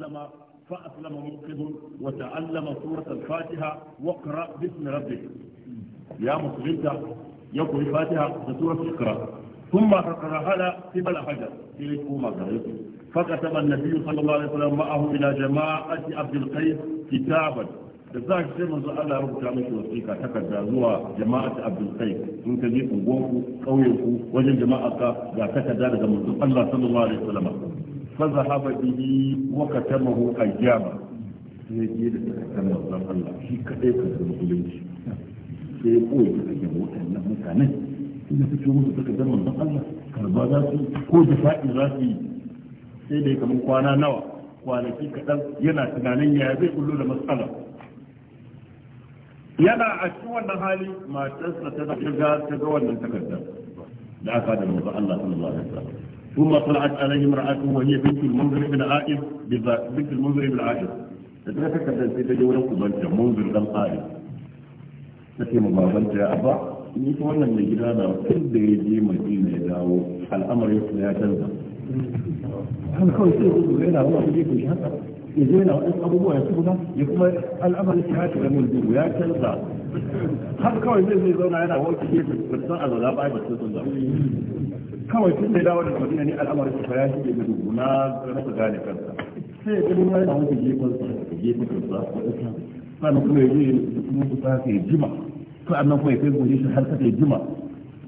تعلم فأسلم موقظ وتعلم سورة الفاتحة واقرأ باسم ربك يا مسلم يقول الفاتحة سورة اقرأ ثم تقرأها لا قبل حجر في لكم فكتب النبي صلى الله عليه وسلم معه إلى جماعة عبد القيس كتابا إذاك شيء من زعل رب كامل وصيكا تكد هو جماعة عبد القيس من كذلك وقوم قويكو وجن جماعة لا تكد ذلك الله صلى الله عليه وسلم fa zahaba وكتمه wa katamahu ayyama sai ji da Allah shi kadai ka sai da Allah karba za su ko nawa kwanaki kaɗan yana tunanin ya da matsala yana a cikin wannan hali matarsa ta ga ta ga wannan takardar da aka da Allah sallallahu alaihi wasallam ثم طلعت عليه امراه وهي بنت المنذر بن عائض بنت المنذر بن عائض تتذكر كذا في تجول قبلت منذر بن عائض تتي مقابلت يا ابا انت من جيرانا وكل بيجي مدينه يداو الامر يصل يا جنبه هل كل شيء يقول لنا الله يجيك مش هكذا يجينا وقف ابو بوه يسكونا يقول الامر يصل يا جنبه يا جنبه هل كل شيء يقول لنا هو كيف يصل على الغابه بس يصل kawai sun sai dawo da madina ne al'amari su fa shi da dubu na rasa gane kansa sai ga duniya yana wata gefen sa gefen kansa sannan kuma ya je mutu ta sai jima sannan kuma ya kai gobe shi har sai jima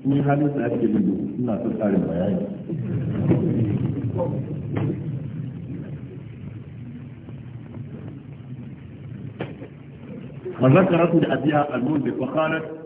ni halin sa ake gudu ina son tsarin bayani وذكرت الأبياء المنذر وقالت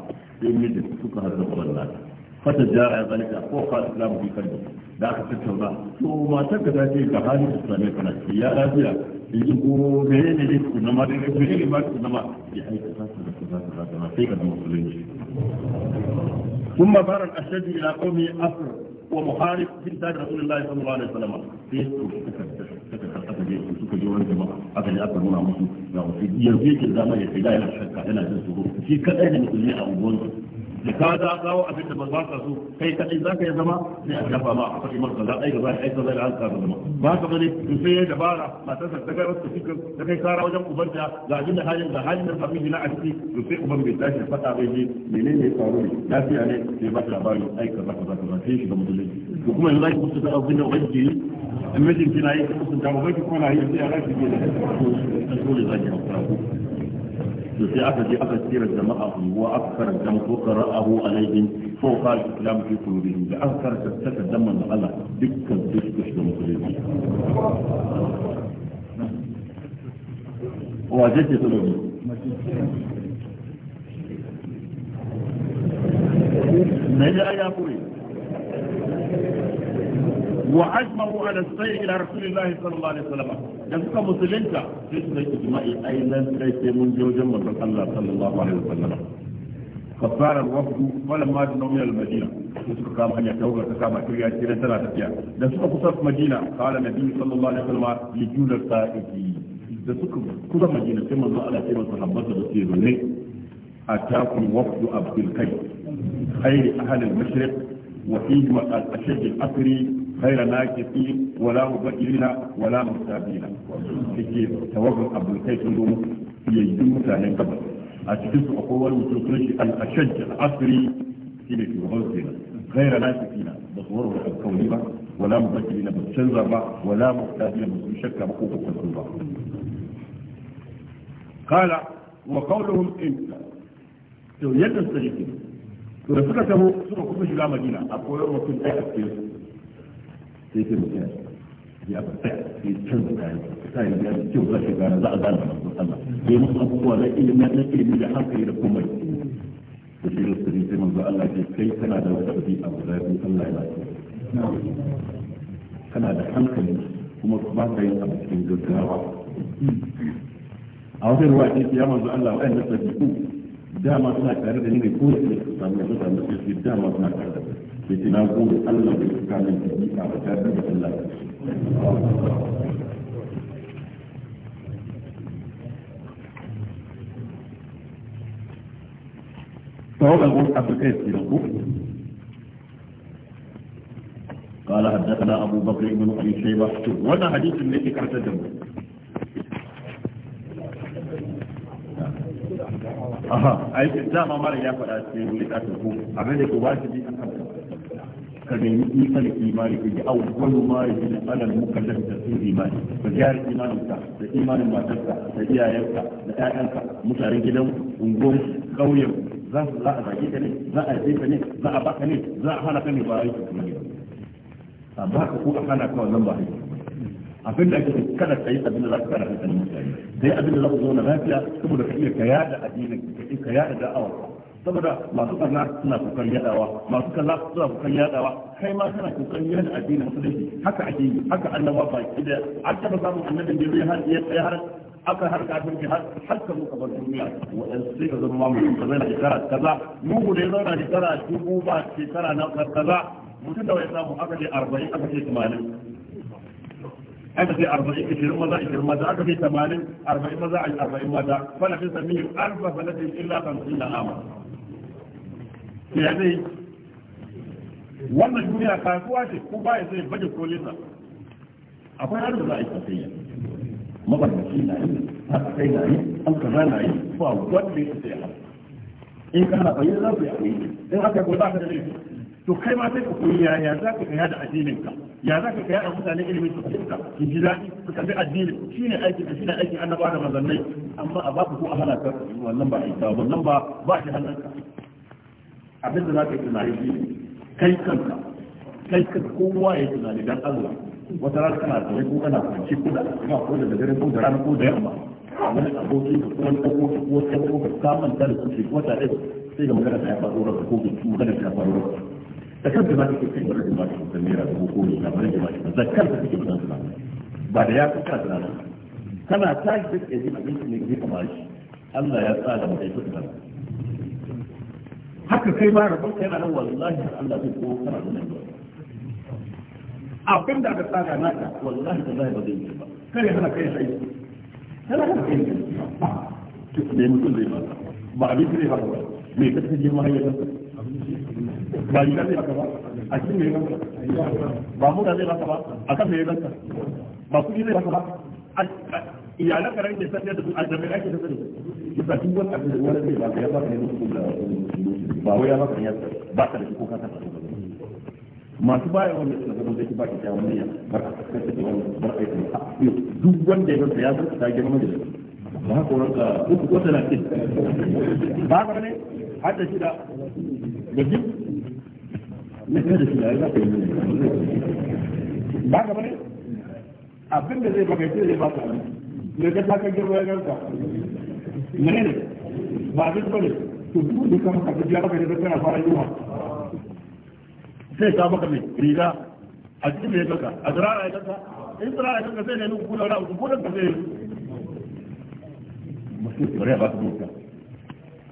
sai mijin suka haɗu da wannan fata jara ya zalika ko ka islamu bi da aka tattauna to matar ka ta ce ka hali islami kana ce ya lafiya yanzu ko me ne ne ku na ma da ne ma ku na ma ya aikata su da kaza kaza kaza sai ka zama musulunci ثم بار الأشد إلى قومه أسر ومحارب في رسول الله صلى الله عليه وسلم في je suka je wani jama'a aka je aka nuna musu ga wasu yanzu yake da dama ya kai da yana shakka yana jin tsoro shi kadai da musulmi a unguwarsa da ka da kawo abin da ba za ka so kai kadai za ka yi zama sai a dafa ma a faɗi masa za a yi gaba a yi zai da an tsara zama ba ka bane in sai ya dabara matarsa ta kai wasu cikin ta kai kara wajen ubanta ga abin da halin da halin da famili na a ciki to sai uban bai tashi faɗa bai je menene ya faru ne lafiya ne sai ba ta labari ai ka za ka za ka za ka sai shi ga musulunci da kuma yanzu ake kusa da abin da wani ke yi in mijin kina yi ka kusanta ba kai kuma na yi sai a rafi ke da dole za ki hankara ku to sai aka je aka tsira jama'a unguwa aka karanta ko qara'ahu alaihim ko qal islam fi qulubihim da aka karanta saka damman da Allah dukkan dukkan da musulmi wa jace to ne ne ya kure وعزمه على السير الى رسول الله صلى الله عليه وسلم يذكر مسلمين في اجتماع ايضا ليس من جوجا من الله صلى الله عليه وسلم فصار الوفد ولم ما دنوا من المدينه يذكر كما ان يتوقع مدينه قال النبي صلى الله عليه وسلم لجول الصائفي da suka kusa majina sai manzo Allah sai masa habbata da sai zanne a takun waqtu abdul kai khairi ahli al-mashriq wa fi غير ناكثين ولا مبكرين ولا مستابين لكي توقف أبو الكيس اللوم يجدون متاهين قبل أتكلم أقوى المتوكلش الأشج العصري في الغزينة غير ناكثين بصوره الكوني ولا مبكرين بالشنزر ولا مستابين بشكل مقوق الكنزر قال وقولهم انت to yadda suka yake to da suka taho suka kuma shiga madina a koyarwa sun da ake sai ke mutum ya canza kayan sai ya yi kyau za gane za a gane masu Allah sai abubuwa na ilimi na ilimi da da kuma da shi da sirri sai manzo Allah ke kai kana da wata a guda biyu Allah ya lafiya kana da hankali kuma ba ka yin abu cikin gaggawa a ruwa ya manzo Allah wa'annan dama suna tare da ni ne ko da su samu da su dama suna tare da yace na gode Allah da suka min tabi'a ba ta da Allah فهو الغرب أفريقيا في الكوف قال حدثنا أبو بكر بن أبي شيبة وأنا حديث الذي كانت جنبه aha ai dama ya faɗa cikin littafin ku abin da ku ba shi bi an ka nemi isar imani ka ji awon kwallo ma ya gina alal mukallaf da sun imani ka gyara imaninka da imanin matarka da iyayenka da ƴaƴanka mutanen gidan ungon ƙauyen za su za a zage ka ne za a jefa ne za a baka ne za a hana ka ne ba yi a baka ko a hana ka wannan ba abin da ake kada ka yi abin da za ka kara mutane dai abin da za ku zauna lafiya saboda ka iya ka yada addinin ka iya ka yada da'awar saboda masu kalla suna kokarin yadawa masu kalla suna kokarin yadawa kai ma kana kokarin yada addinin musulunci haka ake yi haka annaba ba ki da an taba samun annabin da zai har ya har aka har kafin ki har har ka muka bar duniya wadan sai ka zama mu ka zai shekara kaza mu da zauna shekara dubu ba shekara na kaza mutum da wai samu aka je 40 aka je 80 aka sai arba'in ishirin maza ishirin maza aka sai tamanin arba'in maza arba'in maza fana fi samiyu arba fana fi illa kamsin da ama ya zai wannan duniya kasuwa ce ko ya zai baje kolinsa akwai har da za a yi tafiya mabarbaci na yi har kai na yi an kaza na yi ba wanda ya sai har in na bayyana za ku yi akwai in aka yi ko za ka da laifi to kai ma sai ka koyi yaya za ka kaya da addinin ka ya za ka kaya da mutane ilimin su ka ki ji daɗi su kalli addinin shi ne aikin da shi ne aikin annabawa da manzannai amma a ba ku ko a hana ka wannan ba a yi ba wannan ba ba shi hannun ka abin da za ka yi tunani shi kai kanka kai kanka kowa ya tunani dan Allah wata rana kana tsaye ko kana kwanci ko da kuma ko da dare ko da rana ko da yamma wani aboki da kuma ko ko ko ko ko ka manta da kuke ko ta dai sai ga magana ta ya faru da ko ko da ta faru da kanka za ka yi kai da ba da mira da ko ko da bare da ba da kanka kake da ba da ya kuka da kana tashi da ke ji abin da ne ke kamar shi Allah ya tsara mai kuka haka kai ba rabon kai nan wallahi Allah zai ko kana da nan abin da aka tsara naka wallahi da zai ba zai kare hana kai sai kana hana kai to ne mu zai ba ba abin da zai ba me ka tafi girma ya ba ni yi zai ba a cikin ne ba mu da zai ba ba a kan ne ba ba kuɗi ne ba ba a iyalan garin da sanar da su a jami'a ke da su kisa duk wani abin da wani zai baka ya baka ne musu da ba wai ya ba ne ya k'a da ko ka masu baya wanda suka zama zai baki kyawun niyya bar a kasance wani bar aiki a duk wanda ya zama ya zama ta girma da ba haka ranka uku ko talatin ba haka ne har da shida da biyu na da shida ya zaka yi ba haka ne abin da zai baka zai baka ne ka ta ka girma ya ganka ne, ba abin bane to duk da kama ka biya baka da kana fara yiwa sai ka baka mai riga a cikin ya kanka a tsirara ya kanka in tsirara ya kanka sai ne nuku kula da ku kudan ka sai mutum bare ba su mutum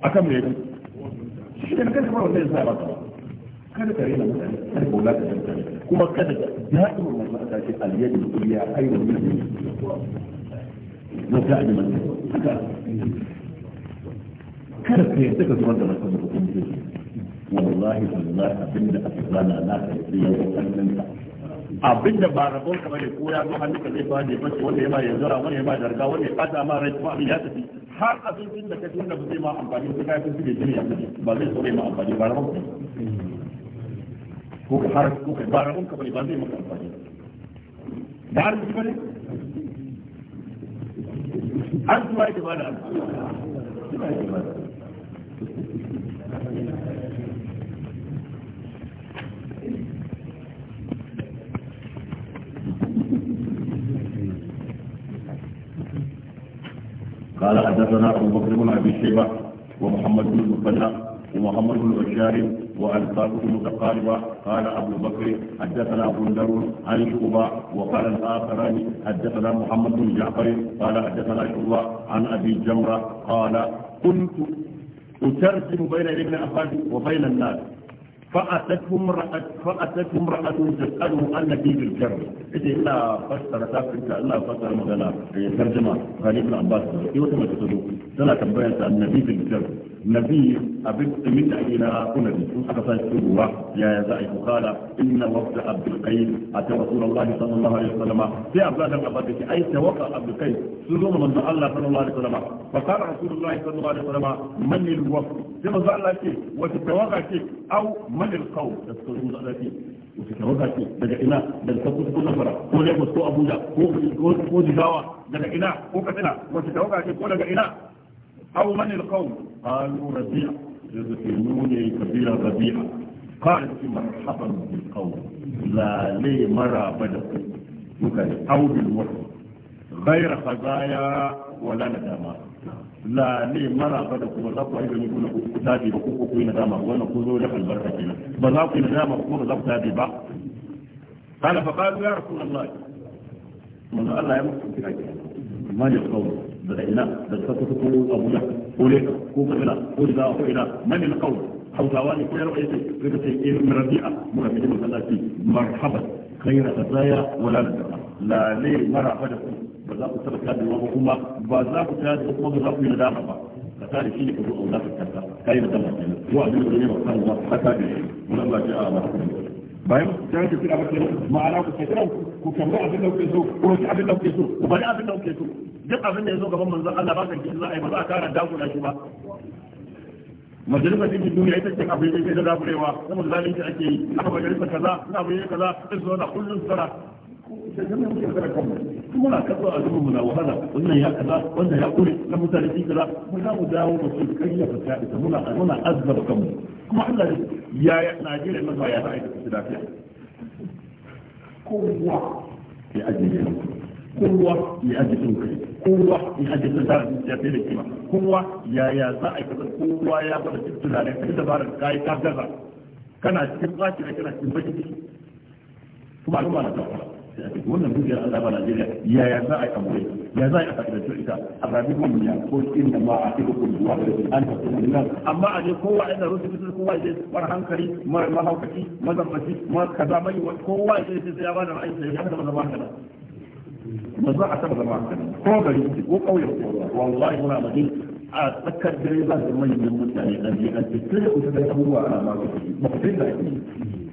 akan mai kanka shi ne kanka ba wannan sai ba kada ka rena mutane kada ka wulata mutane kuma kada ka da'imar mai mata ce aliyar da kuliya ayyukan mutum mata a jama'a haka kada ka yarda ka zubar da mata da hukunci wallahi wallahi abinda aka zana na ka yi yau kallon abinda ba rabon ka bane ko ya zo hannunka zai fadi ba wanda ya ba ya zara wanda ya ba darga wanda ya bada ma rai ba ya tafi har abincin da kake wanda ba zai ma amfani ko kai kun suke jini ba zai so ma amfani ba rabon ka ko ka har ko ka ba rabon ka bane ba zai maka amfani da har ki bane har su ba ba da abu قال حدثنا ابو بكر بن ابي شيبه ومحمد بن المثنى ومحمد بن بشار والفاظه متقاربه قال ابو بكر حدثنا بندر عن الكوبا وقال الاخران حدثنا محمد بن جعفر قال حدثنا شعبه عن ابي جمره قال كنت اترجم بين ابن عباس وبين الناس فأتته امرأة فأتته امرأة تسأله أن في الجر إذا إلا فسر تافك إلا فسر مغلا إيه، ترجمة غريب العباس يوتم إيه، تسلوك سنة بيت النبي في الجر nabi abin min da ila kuna bi sun aka sai ruwa ya ya za a ku kala inna waqta abdul qais ata rasulullahi sallallahu alaihi wasallam sai abdullah dan abbas ce ai tawaqa abdul qais sun zo manzo Allah sallallahu alaihi wasallam fa qala rasulullahi sallallahu alaihi wasallam man al waqt sai manzo Allah ce wa tawaqa ce au man al qaum da sun Allah ce wata tawaqa ce daga ina daga kabu ko nafara ko lagos ko abuja ko ko ko daga ina ko ko daga ina أو من القوم قالوا ربيع يذكروني كبيرة ربيع قالت مرحبا بالقوم لا لي مرى بدك أو بالوحي غير خزايا ولا ندامات la ne mara ba da kuma za ku aika ne kuna ku tabi ba ko ku yi nadama wannan ku zo da albarka kenan ba za ku yi nadama ko ba za ku tabi ba قال فقالوا يا رسول الله من الله يمسك بك ما يقول لا بل فتكون ابو بكر اولئك كوفه الى اولئك الى من القول او ثواني كل رؤيتي رؤيتي الى مرديئه مرحبا بالله مرحبا خير الرايه ولا لا لي مرة فجأة بزاق السبب كان بالوحكومة بزاق السبب كان بالوحكومة بزاق السبب كان فتالي شيني كبير أولاد الكتاب كاين الدمار كاين وعدين الدنيا وقال الله فتالي ولما جاء الله bayan ta tafi ba bakin ma'ana ku kira ku kamar abin da kuke so ku ci abin da kuke so ku bari abin da kuke so duk abin da ya zo gaban manzon Allah ba kan za a ba za a kara dakuna shi ba majalisar ɗinkin duniya ita ce abin da ke da dafurewa kuma zalunci ake yi aka majalisar kaza ina abin kaza sai su zauna kullum sara da zama muke kare kanmu muna kasuwa a zuwa muna wahala wannan ya kaza wannan ya kure na mutane shi kaza mu za mu dawo mu su kariya ta ta ita muna muna azzaba kanmu kuma Allah ya Najeriya na ya ta aika lafiya kowa ya ajiye kowa ya ajiye kai kowa ya ajiye ta tara ya fi da kima kowa ya ya za a kaza kowa ya bada cikin tunanin kai da bara kai ta gaza kana cikin baki da kana cikin baki kuma al'umma na tafiya sai a cikin wannan dukiyar Allah ba Najeriya yaya za a yi aure ya za a yi a fa'idantar ita a rabi kun ya ko inda ma a cikin kun zuwa da an ta kuma nan amma a je kowa yana rufe fitar kowa ya mar hankali mar mahaukaci mazambaci mar kaza mai kowa ya je sai ya ba da ra'ayi sai ya ba da zama hankali ba za a taba zama hankali ko gari ko kauye wallahi muna madina a tsakar dare za su manyan mutane ɗan biyu an ce sai da kusa da abubuwa ana ba su ba ku da ake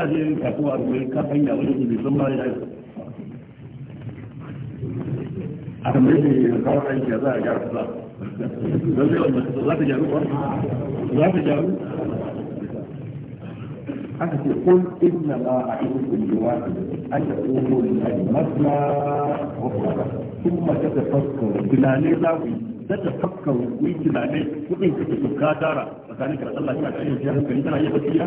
za a je yin kasuwa a koyi kan hanya wani su bai san ma ya yi a kan mai ne kawai aiki za a gyara kasa don zai wanda za ta gyaru ba za ta gyaru aka ce kun inna ma a ibukun jiwa an da ƙogo ne a masna wa kuma ta tafakkar tunane za ku yi da ta fakkar ku yi tunane kuɗin ka ke tuka tara tsakanin ka da Allah kana da ayyuka hankali kana yi tafiya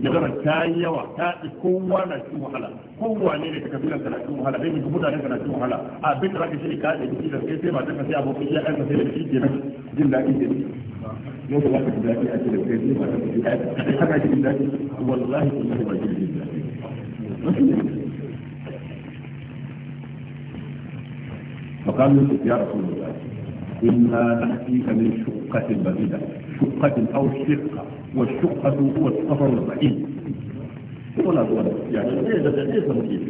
magana ta yi yawa ta ɗi kowa na cikin wahala kowa ne ne ka kabilan ka na cikin wahala bai mutu mutane ka na cikin wahala abin da zaka shi ka da jiki da sai sai ba ta kasi abokan iya kan sai da shi ke nan jin daɗi ke ne da zaka ji daɗi a cikin kai sai ba ta kasi ka haka jin daɗi wallahi kullahi ba jin daɗi فقال يوسف يا رسول الله إما نحكيك من شقة بعيدة شقة أو شقة والشقة هو السفر البعيد ولا ولا يعني ليس ليس مكيف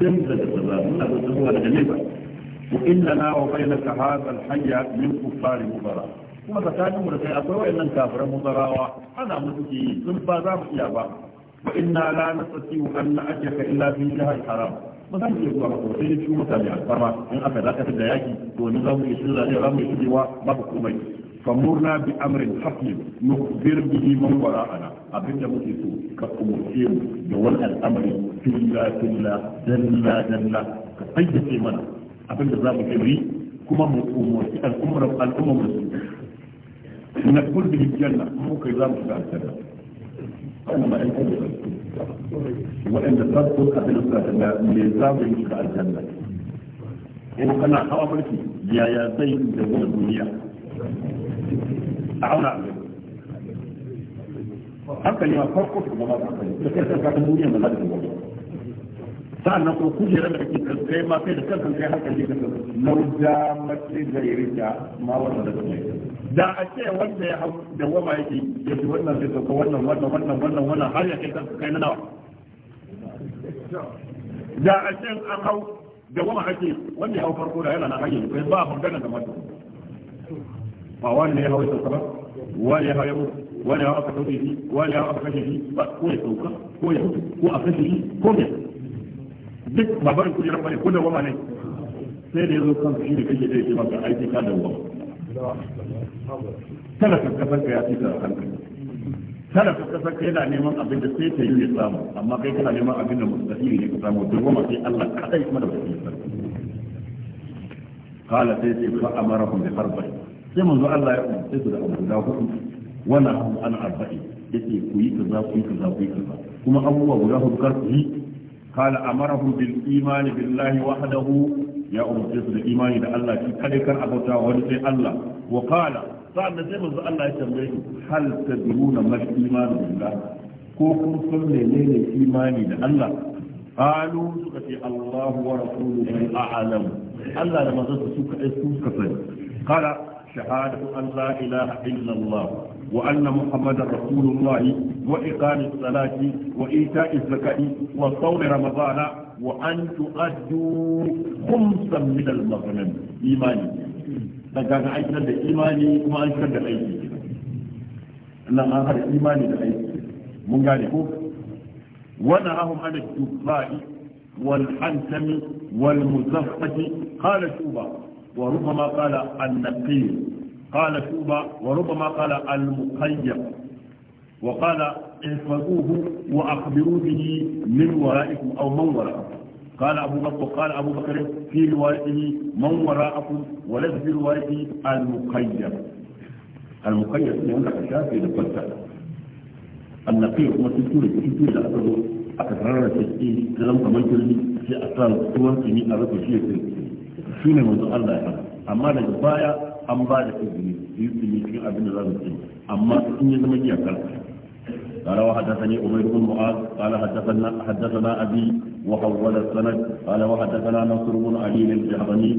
تمزج وإننا وبينك هذا الحي من كفار مباراة kuma tsakanin يقول لك kai ان wayannan kafiran muzarawa مسكي musu yi sun ba za mu iya ba wa inna la nastati ba za mu iya zuwa ba sai dai cikin mutane alfarma in aka dakatar da yaki to ni za mu iya shirya ne za mu iya shigewa babu komai famurna bi amrin hakim nukbir bihi man wara'ana abin da muke so ka umurce mu da wani al'amari filla filla dalla dalla ka fayyace mana abin da za mu yi kuma mu umurci al'ummar al'ummar musulmi na kullu bihi janna mu kai za mu shiga aljanna wannan ba ɗan kullu وإن تذكر أهل الجنة من ذنب يشبع الجنة إن قلنا حرام لك يا يا بين جبل الدنيا أعونا حتى لما فرقت وما فرقت تكلم كاتب الدنيا من هذا الموضوع سألنا قل كل ربع كيف تلقي ما في تلقي حتى لما فرقت مرجع مكتب غير ما وصلت الدنيا da a ce wanda ya hau da wama yake ya fi wannan zai sauka wannan wannan wannan wannan wannan har ya kai kanka kai na nawa da a ce an hau da wama hake wanda ya hau farko da yana na hake kai ba a magana da mata ba wani ne ya hau sauka ba wani ya hau ya mutu wani ya hau aka sauke shi wani ya hau aka kashe shi ba ko ya sauka ko ya mutu ko a kashe shi ko ya duk ba kujerar bane ko da wama ne sai da ya zo kan shi da kake da ya ce maka aiki ka da wama talaka kasar ka ya fi da hankali talaka kasar ka yana neman abin da sai ta yi ya samu amma kai kana neman abin da mustahili ne ka samu duk wama sai Allah kaɗai kuma da wani kala sai sai fa amarahum bi harbai sai manzo Allah ya umarce su da abu guda hudu wannan hum an arba'i yace ku yi za ku yi kaza ku yi kaza kuma abubuwa guda hudu kar ku yi kala amarahum bil imani billahi wahadahu. ya umarce su da imani da Allah shi kare kar abauta wani sai Allah wa qala sa'an da sai manzo Allah ya tambaye shi hal tadruna mal imanu billah ko kun san menene imani da Allah قالوا سكتي الله ورسوله أعلم ألا لما تسكت سكتي قال شهادة أن لا إله إلا الله وأن محمد رسول الله وإقام الصلاة وإيتاء الزكاة وصوم رمضان wa an tu'addu khumsan min al-maghanim imani da ga ga aikin da imani kuma an shar da aiki Allah an har imani da aiki mun gane ko wannan ahum ana tubai wal hantam wal muzaffati qala tuba wa rubbama qala an-naqiy qala tuba wa rubbama qala al-muqayyab وقال احفظوه وأخبروا به من ورائكم أو من ورائكم قال أبو بكر قال أبو بكر في روايته من وراءكم وليس في روايته المقيد المقيد يعني عندك الشافعي لفتة النقيق ما تسوري تسوري لأسره أكثر تسئيل كلام كمان تلمي في أسرار سوان سنين أردت شيء في شنو منذ الله يحب أما لجبايا an ba da izini su yi tsini cikin abin da za su tsini amma sun yi zama iyakar قال وحدثني عمير بن معاذ قال حدثنا حدثنا ابي وحول السند قال وحدثنا نصر بن علي الجهضمي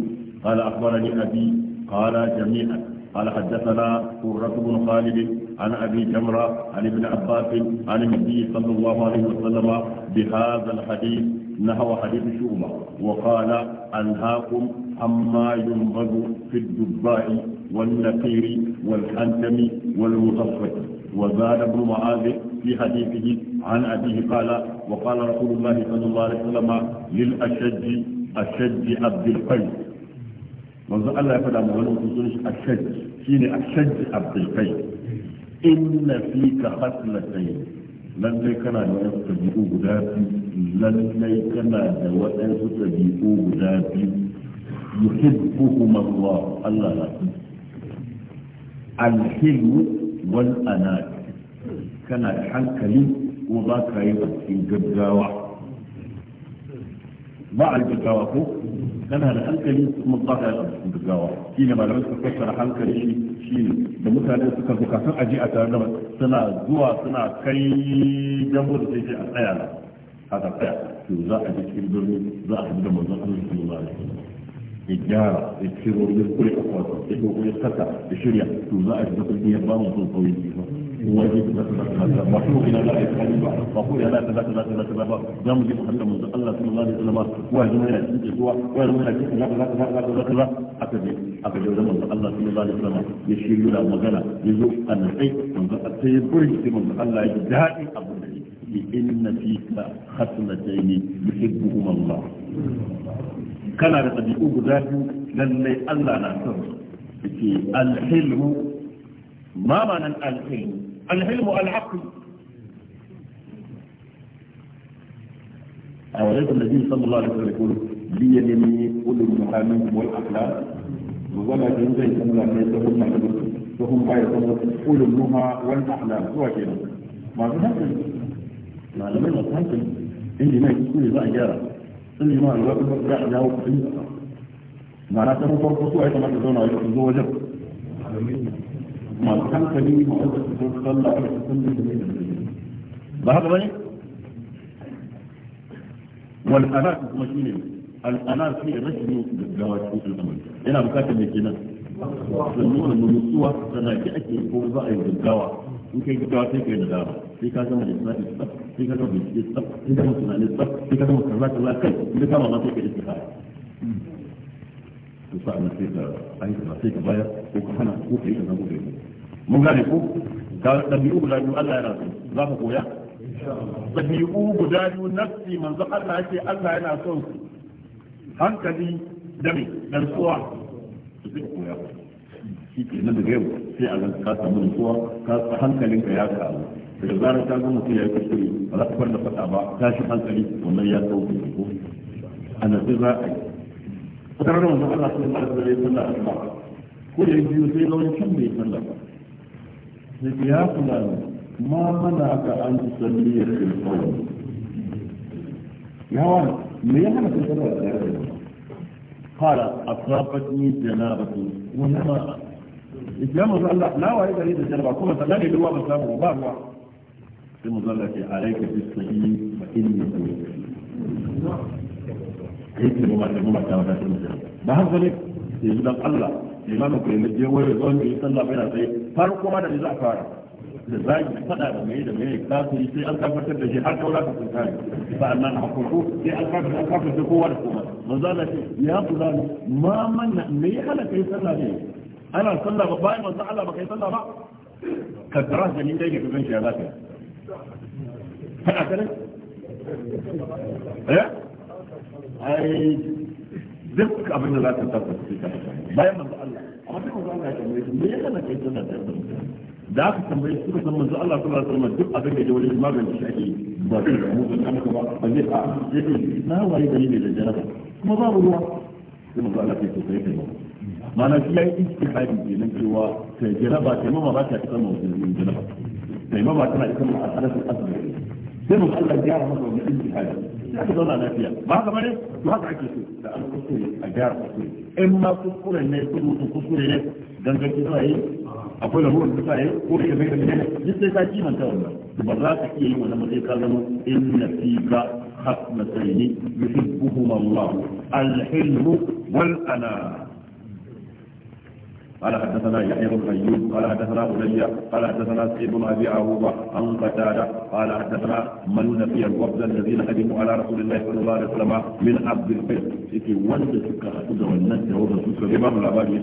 قال اخبرني ابي قال جميعا قال حدثنا قرة بن خالد عن ابي جمره عن ابن عباس عن النبي صلى الله عليه وسلم بهذا الحديث نحو حديث شومة وقال أنهاكم عما ينبغ في الدباء والنقير والحنتم والمطفق وزاد ابن معاذ في حديثه عن أبيه قال وقال رسول الله صلى الله عليه وسلم للأشج أشج عبد القيس manzo Allah ya faɗa mu أشج mutum أشج عبد ashaj إن فيك abdul lallai kana da waɗansu ɗabi'u guda biyu lallai kana da waɗansu ɗabi'u guda biyu yuhibbuhum Allah Allah na su alhilmu wal anat kana da hankali kuma ba ka yi a cikin gaggawa ba a gaggawa ko tana da hankali kuma ba ta da gaggawa shi ne malamai suka fassara hankali shi ne da mutane suka zuka sun aji a tare da suna zuwa suna kai jambo da sai a tsaya na haka tsaya to za a ji cikin birni za a haɗu da manzon Allah sallallahu alaihi wasallam ya gyara ya ciro ya kure kwasa ya ko ya saka da shirya to za a ji da kuma ya ba mu son kauye ba واجب مخلوق لا يتكلم مقول لا كذا كذا كذا كذا يا مجيب حتى من الله صلى الله عليه وسلم وهزم الى الجوع وهزم الى كذا كذا كذا كذا كذا أكبر أكبر من الله صلى الله عليه وسلم يشير له مجالا يزوج أن الشيء من التيبرج من الله يجهاد أبو إن فيك خصلتين يحبهما الله كان رتبي أبداه للي الله لا ترى الحلم ما معنى الحلم العلم العقل أولئك النبي صلى الله عليه وسلم يقول لي اليمين كل المحامين والأخلاق ولا جنزة يسمى لك يسمى محمد فهم باية أولو النهى والأحلام هو كده ما في هكذا ما لم يلقى هكذا إني ما يكون ذا إجارة إني ما الوقت بقى جاوب فيه معناته فوق فرق سوء كما تزون عليه الزوجة ما تحنك لي مؤسسة تصلى على تصلي ده هذا بني والأناس كما شنو الأناس هي رجل بالزواج في الأمر هنا بكاتب الجنة sannan da nutsuwa sana ki ake ko za a yi gaggawa in kai gaggawa sai kai nadama sai ka zama da lissafi tsaf sai ka zama bincike tsaf sai ka zama tunani tsaf sai ka zama kaza kaza kai in kama ma sai ka istihara to sa'an sai ka aika sai ka bayar ko ka hana ko ka yi kaza ko ka yi mun gane ko ka dabi'u guda biyu Allah ya so za ka koya dabi'u guda biyu nafsi manzo Allah yake Allah yana son su hankali da me da nutsuwa su koya shi ke nan daga yau sai a zan ka samu nutsuwa ka hankalinka ya karu daga zarar ta gama mutum ya yi kuskure ba za ka bar da fata ba tashi hankali wannan ya sauke ko ana sai za a yi wata ranar wannan ana sai da zai sallah a ko da biyu sai ga wani can sallah يا فلان ما منعك أن تصلي في القوم يا ولد ليه أنا في قال أصابتني جنابة ونما إسلام الله لا وعيد لي الجنابة كما تلاقي بالواب السلام وباب في مظلة عليك في الصحيح فإني هيك الممات الممات كانت تنزل بهذا ذلك يقول الله limamin ku ne je wayar sallah bai na tsaye da za a fara da zagi da mai da mai sai an tabbatar da shi har a sai an da kowa da manzo ya kula ma manna me ya sallah ne ana sallah ba manzo Allah ba kai sallah ba ka tara da ni dai shi ya zaka ka ne eh ai duk abin da za ka tabbata sai ka bayan manzo Allah amma duk manzo Allah ya tambaye su me ya kana kai tana da da aka tambaye su san manzo Allah sallallahu alaihi wasallam duk abin da ya wani magani shi ake ba shi da mu zan maka ba ba a yake na waye gani da jaraba kuma babu ruwa sai manzo Allah ya ce sai kai mana shi ya yi istihadi kenan cewa ta jaraba ta mama ba ta isa mu jaraba ta mama tana isa a tsarafin asibiti sai mu Allah gyara masa zauna lafiya ba haka bane to haka ake so da an kuskure a gyara kuskure in ma kuskure ne ko mutum kuskure ne yi akwai da yi ko da ne duk sai wannan ba za ka iya yi wannan ba ka zama inna fika hasnatayn yuhibbuhuma Allah wal قال حدثنا يحيى بن ايوب قال حدثنا بني قال حدثنا سعيد بن ابي عروبه عن قتاده قال حدثنا من نفي الوفد الذين قدموا على رسول الله صلى الله عليه وسلم من عبد القيس في وند سكا حدود والناس وضع سكا الامام العبادي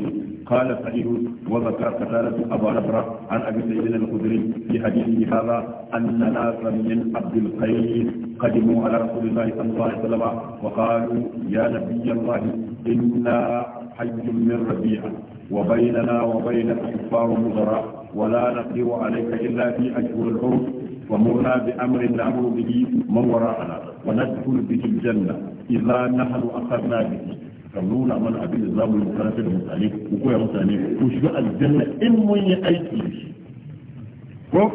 قال سعيد وذكر قتاده ابا نبره عن ابي سعيد الخدري في حديثه هذا ان ناسا من عبد القيس قدموا على رسول الله صلى الله عليه وسلم وقالوا يا نبي الله انا حج من ربيع وبيننا وبين الكفار مزرع ولا نقدر عليك إلا في أشهر الحرم ومرنا بأمر نأمر به من وراءنا وندخل به الجنة إذا نحن أخذنا به kan من ابي abin da zamu yi karanta da الجنه ku koya mutane ku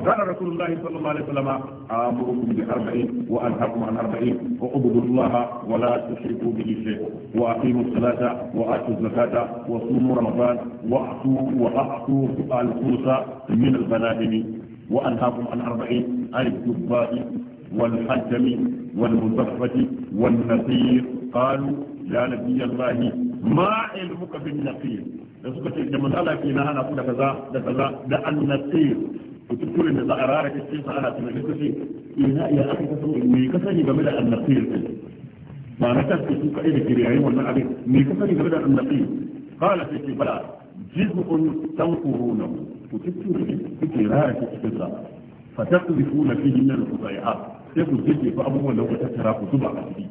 قال رسول الله صلى الله عليه وسلم امركم باربعين وانهاكم عن اربعين واعبدوا الله ولا تشركوا به شيئا واقيموا الصلاه واتوا الزكاه وصوموا رمضان واعطوا واعطوا الخلص من البنادم وانهاكم عن اربعين عن الدباء والحجم والمزفه والنصير قالوا يا نبي الله ما علمك بالنقير da suka ce da manzala ke na hana ku da kaza da kaza da annasir mutum da za a rara cikin sa ana tunanin kace ina ya aka kaso me ka sani game da annabiyar kai ba na kasu su kai da kiriyayi wannan abin me ka sani game da annabiyar qala sai bala jizbun tanquruna ku tuttune kuke rara cikin sa fa taqdifuna fihi min al-qudai'at sai ku jike fa abubuwan da ku tattara ku zuba a ciki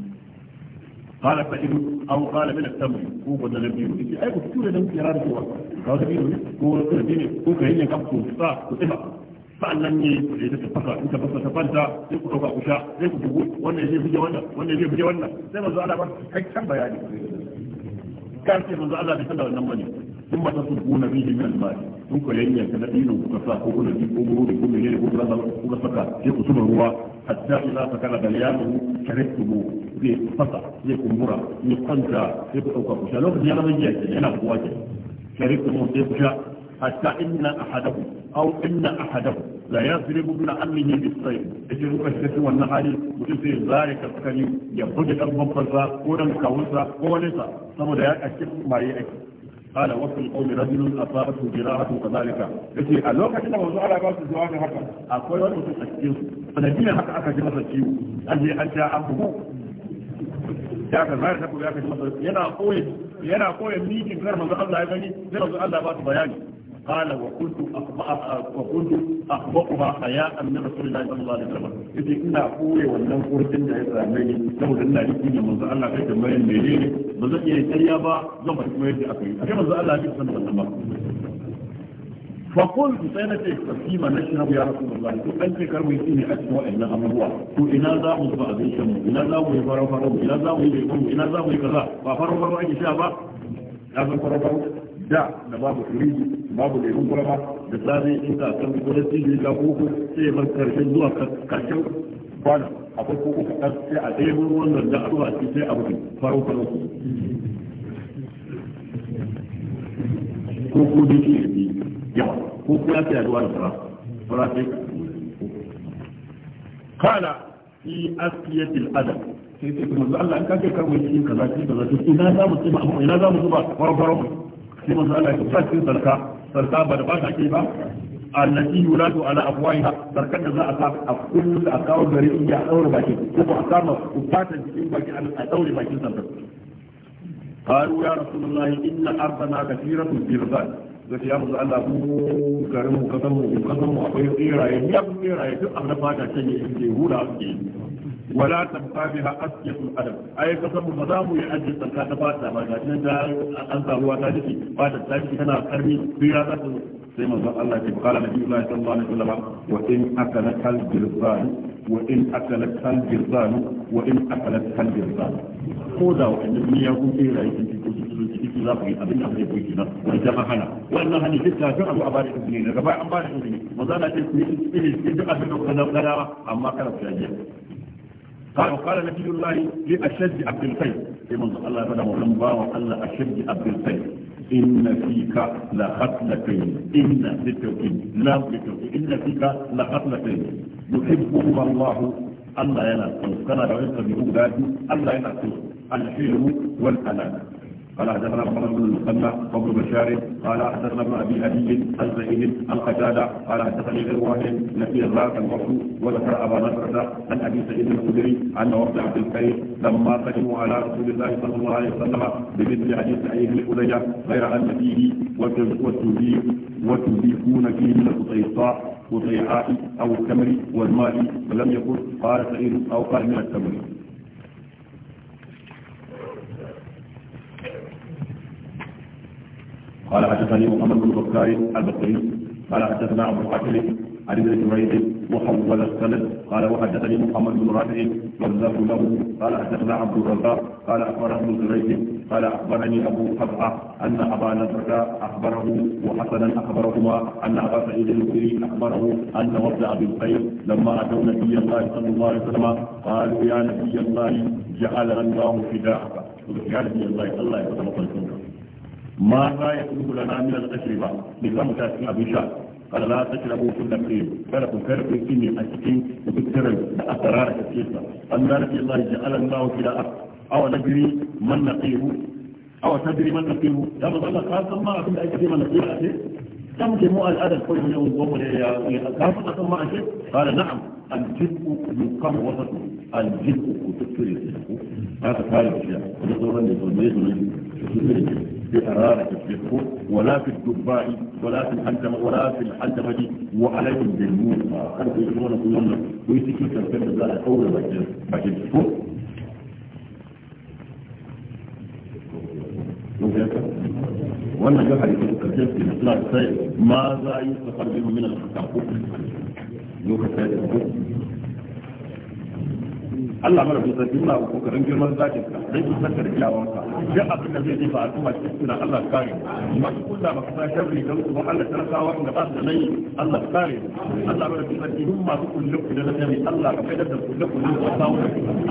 قال فإن أو قال من التمر هو بدل البيرو أي كتير لهم في هذا الوقت قال بيرو هو الدين هو كهين كم كوفا كتبه nan ne ku je ta fasa in ta fasa ta fanta sai ku dauka ku sha sai ku bugu wannan zai buge wannan wannan zai buge wannan sai manzo Allah ba cikakken bayani kan sai manzo Allah bai sanar wannan bane in ba ta su gona na min al-mali in ko yayin yanka da dinin ku kasa ko kuna ji ko buru ko mene ne ko kuma da ku ka saka sai ku zuba ruwa hatta ila ta kana da yamu karattubu zai fasa zai kumbura zai kwanta sai ku dauka ku sha lokacin ya zama jiya yana kuwa ke karattubu sai ku sha حتى إن أحدهم أو إن أحدهم لا يضرب من عمه بالسيف يجب الشتي والنهار وتسير ذلك الكريم يخرج أبو فرصة كون الكوزا كون إذا ثم لا يأكل ما يأكل قال وفي القوم رجل أصابته جراحة كذلك يجي ألوك كده موضوع على بعض الزواج هكا أقول ولا تسكتين فنجينا هكا هكا جرس الشيو أجي أنت أبوه ya ka zai ta kuma ya ka yana koyi yana koyi mikin kar manzo Allah ya gani sai manzo Allah ba su bayani قال وكنت وكنت اخبأها حياء من رسول الله صلى الله عليه وسلم يجي ina اقول ولن kurtin da ya same ni saboda من jiki الله manzo ما kai da mai menene ba zan ما karya ba zan ba الله yadda aka yi a manzo Allah فقلت سنة فيما نشرب يا رسول الله كنت أنت كروي إني أسوأ إلا أمروا كنت إنا ذا مصبع ذي شمو إنا ذا ويفرفرو إنا ذا ويفرفرو إنا ذا ويفرفرو ففرفرو أي شابا هذا فرفرو da da babu turiji babu da yin kurama da tsari in ka san ko da tsiri ga koko sai ban karshen zuwa karshen kwana akwai koko kaɗan sai a ɗaya wannan da a zuwa sai a bukin faro faro koko da ke yi yawa koko ya fi yaduwa da fara fara sai kala fi asiyatil adam sai sai kuma Allah an kake karwai cikin kaza cikin kaza ina za mu tsima ina za mu zuba faro faro sai masu Allah ya fara cikin sarka sarka ba da ba ta ke ba allati yuradu ala afwaiha sarkan da za a sa a kullu a kawo gari in ya daure baki ko a kama fatan cikin baki a daure bakin sarka قالوا يا رسول الله إن أرضنا كثيرة البرزان zai ya musu Allah ku garin mu kasan mu kasan mu akwai tsiraye ya tsiraye duk abin da fata ce ne ke hura suke ولا تبقى بها أسية الأدب أي قسم مدام يحج تلك تفاتا ما كان جاء أنت هو تاجتي فات التاجتي كان أكرمي في هذا سيما الله قال نبي الله صلى الله عليه وسلم وإن أكلتها الجرزان وإن أكلتها الجرزان وإن أكلتها الجرزان كودا وإن من يكون في رئيس ciki za ku yi abin da zai قال وقال نبي الله لأشد عبد الخير لمن إيه الله بدأ محمد وقال أشد عبد الخير إن فيك لخطلتين إن للتوكيد لا للتوكيد إن فيك لخطلتين يحبهما الله الله ينصر كما لو بهم بهما الله ينصر الحلم والأنام قال حدثنا محمد بن المثنى وابن بشار قال حدثنا ابن ابي ابي الزهيد القتاده قال حدثني غير واحد نبي الراس الوفد وذكر ابا نصرة عن ابي سعيد الخدري عن وفد عبد الخير لما قدموا على رسول الله صلى الله عليه وسلم بمثل حديث عليه الحديجه غير ان فيه وتذيقون فيه من القطيصاء قطيعاء او التمر والماء فلم يقل قال سعيد او قال من التمر قال حدثني محمد بن بكار البكري قال حدثنا عبد الحكم عن ابن جريج وحول السند قال وحدثني محمد بن رافع رزاق له قال حدثنا عبد الرزاق قال اخبره ابن جريج قال اخبرني ابو حفصه ان ابا نزكا اخبره وحسنا اخبرهما ان ابا سعيد المكري اخبره ان وفد ابي الخير لما اتوا نبي الله صلى الله عليه وسلم قالوا يا نبي الله جعلنا الله فداءك يا نبي الله الله يسلمك ماذا يكون لنا من الأشربة لكم تاسم أبي شاء قال لا تشربوا في النقيل فلكم كرب كيني أسكين وبالترم أسرار كثيرة أن رضي الله جعل الله في الأرض أو نجري من نقيه أو تدري من نقيه يا الله خاصة ما أقول أي أجري من نقيه كم جموع الأدب كل يوم ضمن خاصة ما أشيء قال نعم الجزء يقام وسطه الجزء تكتري هذا قال الشيخ هذا ضمن بحرارة الجسم ولا في الدباء ولا في الحنتمة ولا في الحنتمة وعليهم بالموت خلقوا يقولون كلهم ويسكي تنفيذ ذلك أول ما جسم wannan ga hadisin karshen cikin islam sai ma za a yi safar Allah mara kusa ki muna kokarin girman zaki ka dai kusa da kyawun ka duk abin da zai jefa al'umma cikin suna Allah kare masu kusa ba kusa sharri don su Allah talakawa inda ba su da nayi Allah kare Allah mara kusa ki duk masu kullu kullu da sharri Allah ka kai da kullu kullu da sawu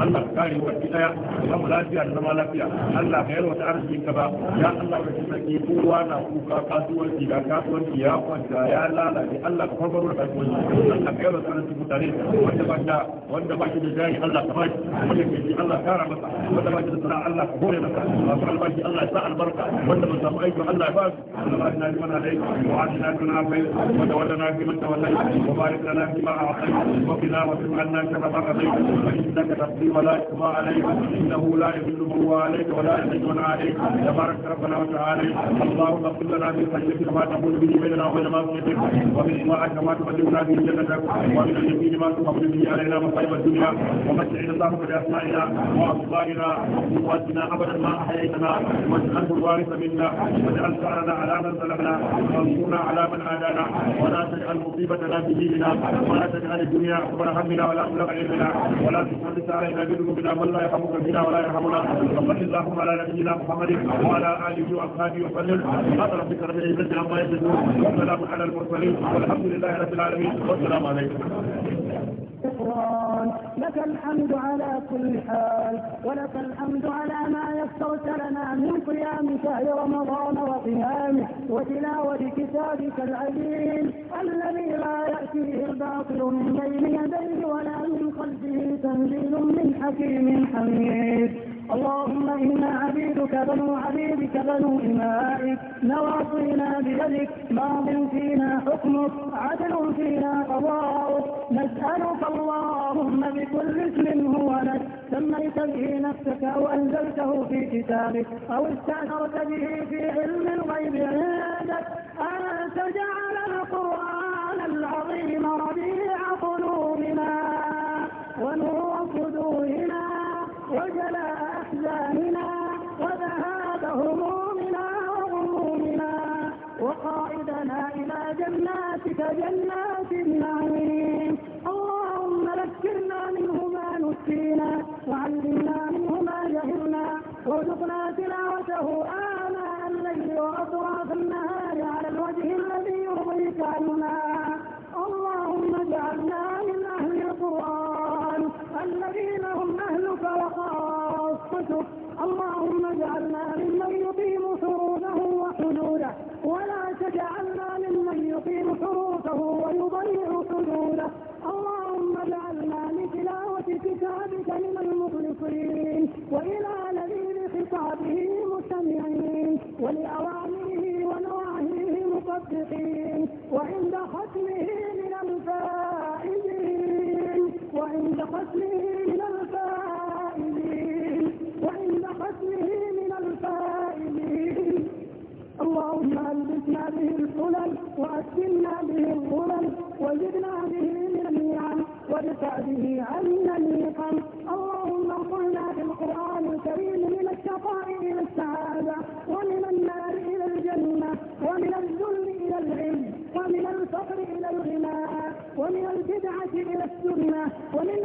Allah kare wa ki daya ka mu lafiya da zama lafiya Allah ka yarwa ta arzikin ka ba ya Allah ka kusa ki kowa na kuka kasuwanci da kasuwanci ya kwanta ya lalace Allah ka farfaro da kasuwanci Allah ka yarwa ta arzikin mutane wanda ba da wanda ba shi da jari Allah ka albarki wanda ke ji Allah kara masa wanda ba ki da sana'a Allah ka hore masa masu albarki Allah ya sa albarka wanda ba samu aiki Allah ya ba su Allah ba na liman alai wa adina tuna bai wanda wanda na fi manta wallahi wa barik lana fi ma a'tai wa qina wa qina anna kama taqdi wa innaka taqdi wa la yuqda alayka innahu la yudillu man walayka wa la yudillu man alayka tabarak rabbana wa ta'ala اللهم اغفر لنا من خشيتك ما تقول به بيننا وبين معصيتك ومن طاعتك ما تبلغنا به جنتك ومن اليقين ما تقبل به علينا مصائب الدنيا ومتعنا اللهم بأسمائنا وأبصارنا وقوتنا أبدا ما أحييتنا واجعله الوارث منا واجعل ثأرنا على من ظلمنا وانصرنا على من عادانا ولا تجعل مصيبتنا في ديننا ولا تجعل الدنيا أكبر همنا ولا مبلغ علمنا ولا تسلط علينا بذنوبنا من لا يرحمك بنا ولا يرحمنا صل اللهم على نبينا محمد وعلى آله وأصحابه وسلم قدر ربك رب العزة عما يصفون وسلام على المرسلين والحمد لله رب العالمين والسلام عليكم الشيطان لك الحمد على كل حال ولك الحمد على ما يسرت لنا من قيام شهر رمضان وقيامه وتلاوة كتابك العليم الذي لا يأتيه الباطل من بين يديه ولا من خلفه تنزيل من حكيم حميد اللهم إنا عبيدك بنو عبيدك بنو إمائك نواصينا بيدك ماض فينا حكمك عدل فينا قضاؤك نسألك اللهم ثم بكل اسم هو لك سميت به نفسك أو أنزلته في كتابك أو استأثرت به في علم الغيب عندك أن تجعل القرآن العظيم ربيع قلوبنا ونور صدورنا وجلاء أحزاننا وذهاب همومنا وغمومنا وقائدنا إلى جناتك جنات وعلمنا منه ما جهلنا وارزقنا تلاوته آناء الليل وأطراف النهار على الوجه الذي يرضيك عنا اللهم اجعلنا من أهل القرآن الذين هم أهلك وخاصتك اللهم اجعلنا ممن يقيم شروطه وحدوده ولا تجعلنا ممن يقيم شروطه ويضيع حدوده اللهم فنعم المخلصين وإلى نذير خطابه مستمعين ولأوامره ونواهيه مصدقين وعند ختمه من الفائزين وعند ختمه من الفائزين وعند ختمه من الفائزين اللهم ألبسنا به الحلل وأسكنا به الظلل وزدنا به وقد به عنا النقم اللهم انقلنا في القرآن الكريم من الشقاء إلى السعادة ومن النار إلى الجنة ومن الذل إلى العلم ومن الفقر إلى الغناء ومن البدعة إلى السنة ومن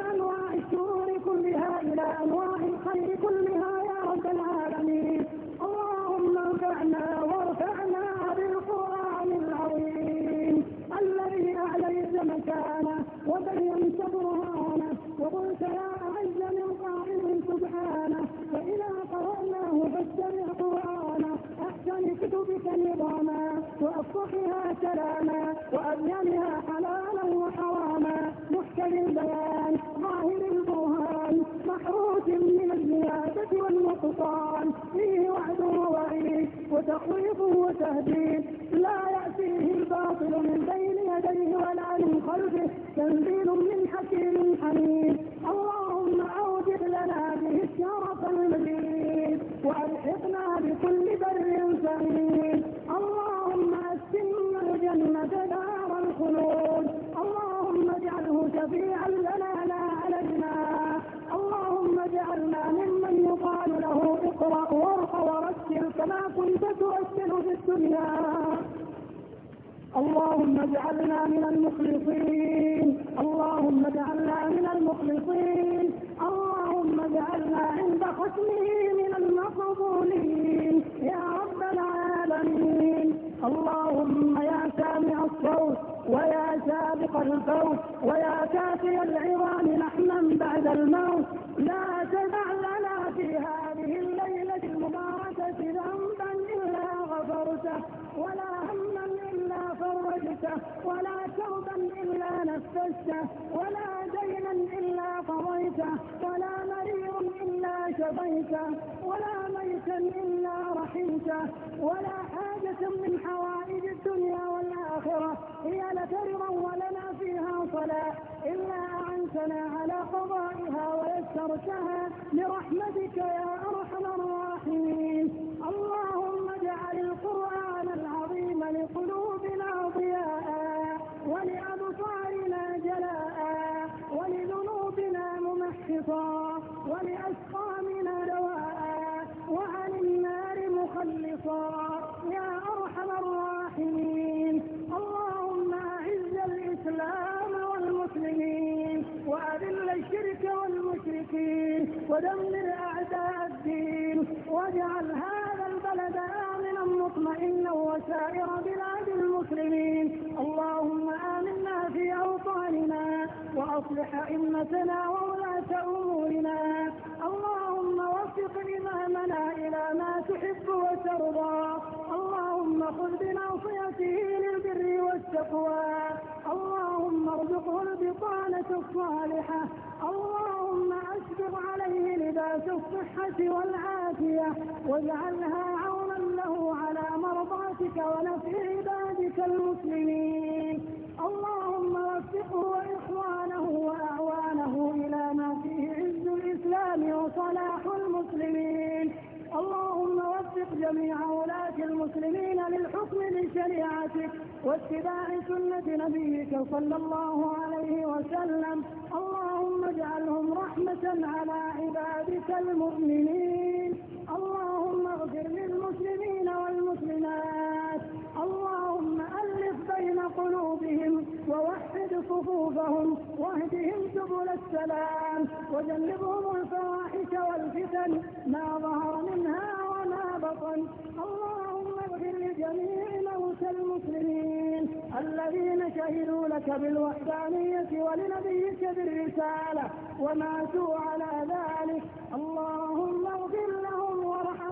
اللهم اجعلنا من المخلصين اللهم اجعلنا من المخلصين اللهم اجعلنا عند ختمه من المقبولين يا رب العالمين اللهم يا سامع الصوت ويا سابق الفوت ويا كافي العظام لحما بعد الموت لا تدع لنا في هذه الليلة المباركة ذنبا إلا غفرته ولا هم ولا ثوبا إلا نفسته ولا دينا إلا قضيته ولا مريض إلا شفيته ولا ميتا إلا رحمته ولا حاجة من حوائج الدنيا والآخرة هي لترضى ولنا فيها صلاة إلا أعنتنا على قضائها ويسرتها برحمتك يا أرحم الراحمين وارضاه اللهم خذ بناصيته للبر والتقوى اللهم ارزقه البطانة الصالحة اللهم أسبغ عليه لباس الصحة والعافية واجعلها عونا له على مرضاتك ونفع عبادك المسلمين اللهم وفقه وإخوانه وأعوانه إلى ما فيه عز الإسلام وصلاح المسلمين اللهم وفق جميع ولاة المسلمين للحكم بشريعتك واتباع سنة نبيك صلى الله عليه وسلم اللهم اجعلهم رحمة على عبادك المؤمنين اللهم اغفر للمسلمين والمسلمات اللهم ألف بين قلوبهم ووحد صفوفهم واهدهم سبل السلام وجنبهم الفواحش والفتن ما ظهر منها بطن اللهم اغفر لجميع موتى المسلمين الذين شهدوا لك بالوحدانية ولنبيك بالرسالة وماتوا على ذلك اللهم اغفر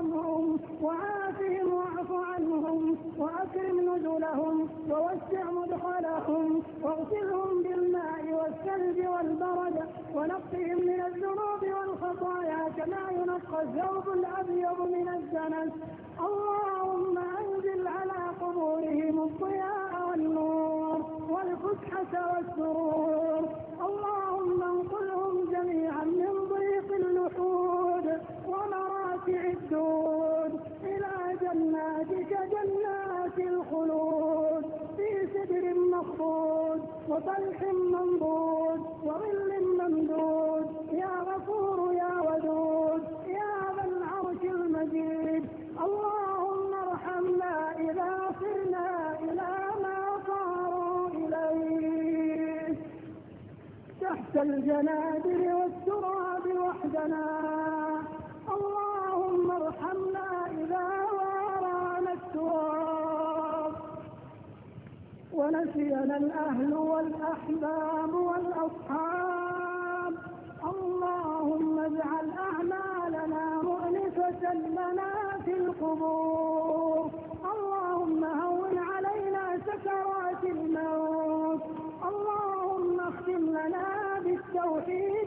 عنهم وعافهم واعف عنهم وأكرم نزلهم ووسع مدخلهم واغسلهم بالماء والثلج والبرد ونقهم من الذنوب والخطايا كما ينقى الثوب الأبيض من الدنس اللهم أنزل على قبورهم الضياء والنور والفسحة والسرور اللهم انقلهم جميعا من ضيق اللحوم الدود إلى جناتك جنات الخلود في سدر مخفوض وطلح منضود وظل ممدود يا غفور يا ودود يا ذا العرش المجيد اللهم ارحمنا إذا صرنا إلى ما صاروا إليه تحت الجنادر والتراب وحدنا ونسينا الأهل والأحباب والأصحاب اللهم اجعل أعمالنا مؤنسة لنا في القبور اللهم هون علينا سكرات الموت اللهم اختم لنا بالتوحيد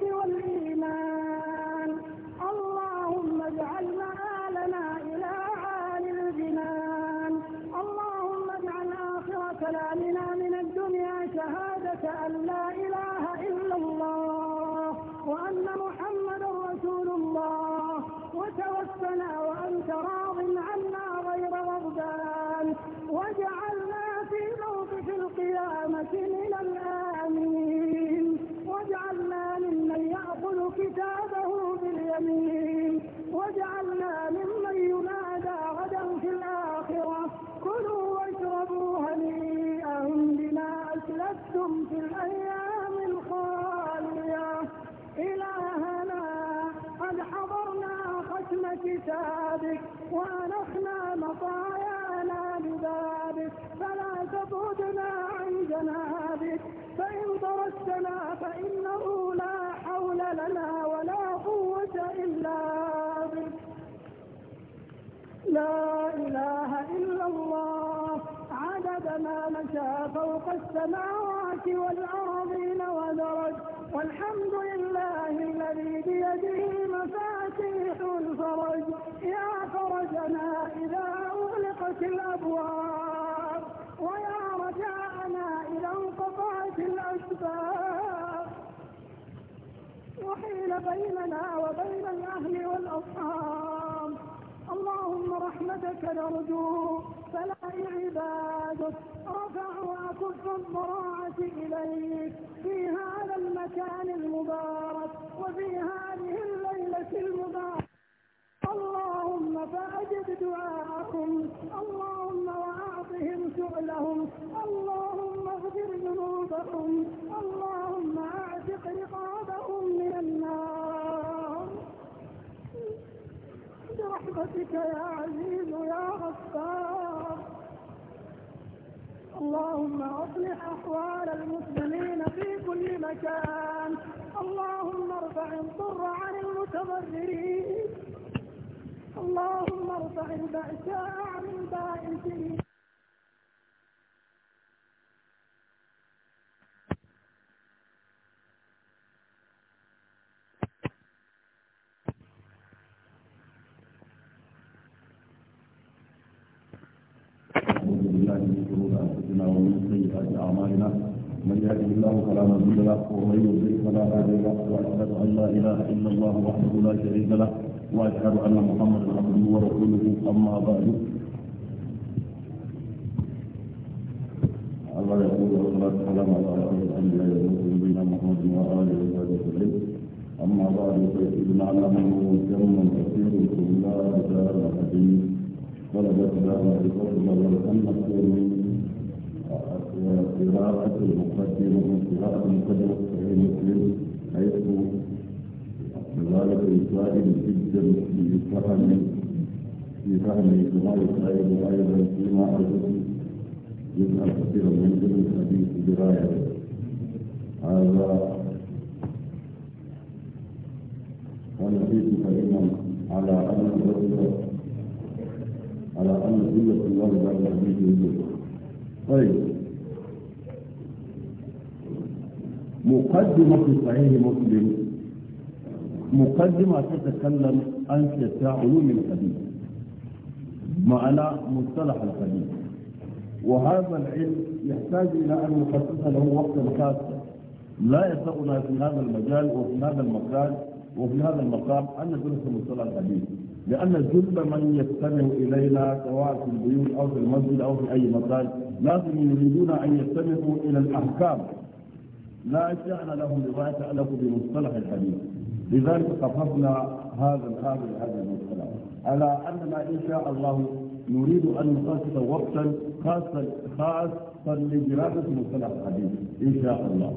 نحن مطايانا ببابك فلا تطردنا عن جنابك فإن طردتنا فإنه لا حول لنا ولا قوة إلا بك لا إله إلا الله عدد ما مشى فوق السماوات والأرضين ودرج والحمد لله الذي بيده مفاتيح الفرج يا فرجنا إذا أغلقت الأبواب ويا رجاءنا إذا انقطعت الأسباب وحيل بيننا وبين الأهل والأصحاب اللهم رحمتك نرجو فلا عبادك رفعوا أكف الضراعة إليك في هذا المكان المبارك المضرين اللهم ارفع البأساء عن البائسين من شرور أنفسنا ومن سيئات أعمالنا من يهده الله فلا مضل له ومن يضلل فلا هادي له واشهد ان لا اله الا الله وحده لا شريك له واشهد ان محمدا عبده ورسوله اما بعد الله يقول والصلاه والسلام على اشرف الانبياء والمرسلين محمد وآله وصحبه وسلم اما بعد فيجب نعلمه كم كثير الله تعالى الحديث ولقد جاء بقول الله ان الكون قراءة المقدمة قراءة المقدمة صحيح مسلم حيث ذلك يساعد جدا في فهم في فهم ما يساعد أيضا فيما أردت يسأل كثيرا من ضمن الحديث دراية هذا قال فيه كريما على أن الرجل على أن سنة الله بعد الحديث طيب مقدمة في صحيح مسلم مقدمة تتكلم عن شتى علوم الحديث معنى مصطلح الحديث وهذا العلم يحتاج إلى أن نخصص له وقتا خاصا لا يسعنا في هذا المجال وفي هذا المكان وفي هذا المقام أن ندرس مصطلح الحديث لأن جل من يستمع إلينا سواء في البيوت أو في المسجد أو في أي مكان لازم يريدون أن يستمعوا إلى الأحكام لا شأن له بما يتعلق بمصطلح الحديث لذلك قصدنا هذا هذا هذا المصطلح على أننا إن شاء الله نريد أن نخصص وقتا خاصا خاصا لدراسة مصطلح الحديث إن شاء الله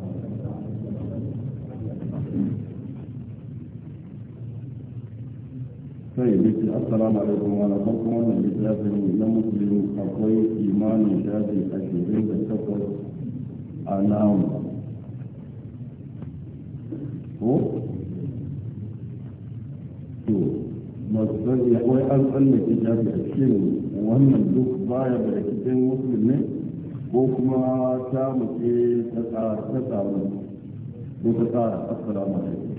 طيب السلام عليكم ورحمة الله وبركاته littafin مسلم muslim إيمان imanin shafi ashirin أنا takwas ko to masu ya kawai an tsallake shafi a cikin wannan duk baya da cikin musulmi ko kuma ta muke ta ko ta tsara assalamu alaikum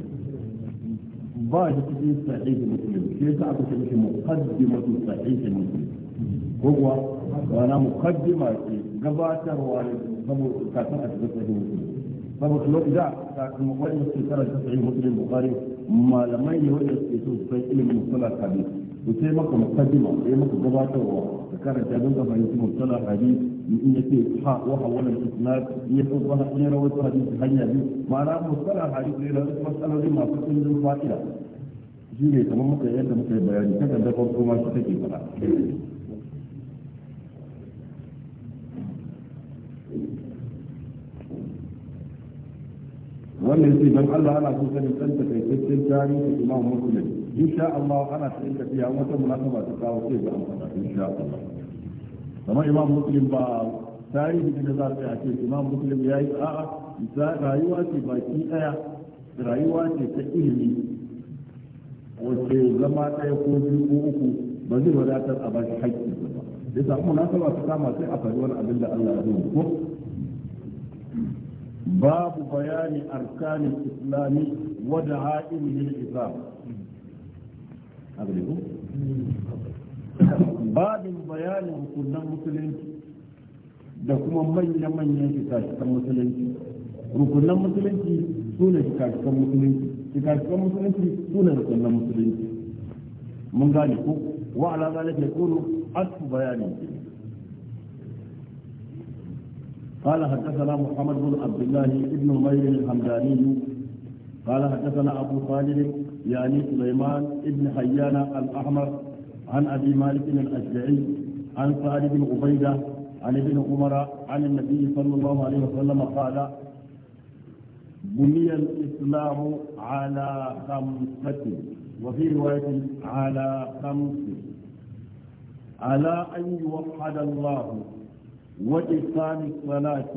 ba shi cikin sahihi muslim sai ta aka ce mishi muqaddimatu sahihi muslim ko kuwa wana muqaddima ce gabatarwa ne saboda kafin a cikin sahihi muslim saboda lokacin da wanda suke karanta sahih muslim bukhari malamai ne wanda suke so su san ilimin musala hadis to sai maka mukaddima sai maka gabatarwa ka karanta don ka fahimci musala hadis in ya ce ha wa hawala isnad ya so ba ya rawaito hadis hanya biyu ma'ana musala hadis ne da masaloli masu kundin fa'ida shi ne kamar muka yadda muka yi bayani kada da farko ma shi take fara wannan yace dan Allah ana so sanin san ta tarihi Imam Muslim insha Allah ana sanin tafiya wata munasaba ta kawo sai ga amfana insha Allah kamar Imam Muslim ba tarihi da za ta Imam Muslim yayi a'a rayuwa ce baki daya rayuwa ce ta ilimi wace zama ɗaya ko biyu ko uku ba zai wadatar a bashi haƙƙi ba da munasaba na ta kama sai a faɗi abin da Allah ya zo ko باب بيان أركان الإسلام ودعائم للإسلام أغلبه باب بيان كنا مسلم da kuma manya-manyan shikashikan musulunci rukunan musulunci suna ne shikashikan musulunci shikashikan musulunci suna rukunan musulunci mun gane ko wa'ala ala zalika yakunu asfu bayanin kenan قال حدثنا محمد بن عبد الله بن مير الحمداني قال حدثنا أبو خالد يعني سليمان بن حيان الأحمر عن أبي مالك الأشجعي عن سعد بن عبيدة عن ابن عمر عن النبي صلى الله عليه وسلم قال بني الإسلام على خمسة وفي رواية على خمس على أن يوحد الله وإقام الصلاة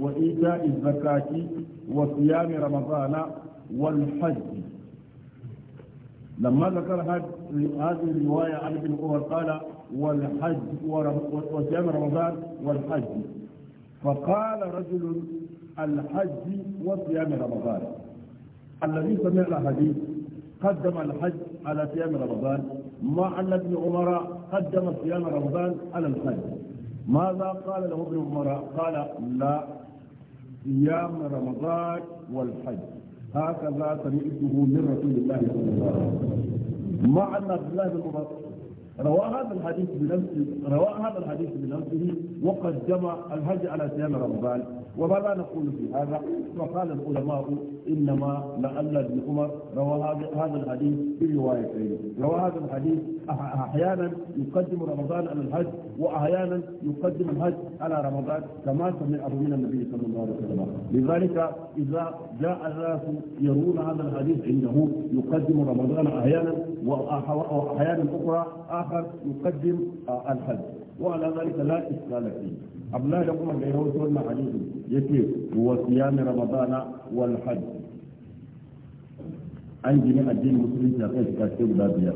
وإيتاء الزكاة وصيام رمضان والحج لما ذكر هذه الرواية عن ابن عمر قال والحج وصيام رمضان والحج فقال رجل الحج وصيام رمضان الذي سمع الحديث قدم الحج على صيام رمضان مع أن ابن عمر قدم صيام رمضان على الحج ماذا قال له ابن عمر قال لا صيام رمضان والحج هكذا سمعته من رسول الله صلى الله عليه وسلم معنى عبد الله بن عمر روى هذا الحديث بنفسه روى هذا الحديث بنفسه وقد جمع الحج على صيام رمضان وماذا نقول في هذا؟ فقال العلماء انما لعل ابن عمر روى هذا الحديث بروايتين، روى هذا الحديث احيانا يقدم رمضان على الحج واحيانا يقدم الحج على رمضان كما سمعه من النبي صلى الله عليه وسلم، لذلك اذا جاء الناس يرون هذا الحديث عنده يقدم رمضان احيانا واحيانا اخرى الآخر يقدم الحج وعلى ذلك لا إشكال فيه أبلا لكم أن يوصلنا حديث يكي هو صيام رمضان والحج أن جميع الدين المسلمين تقيت كاتب بابيا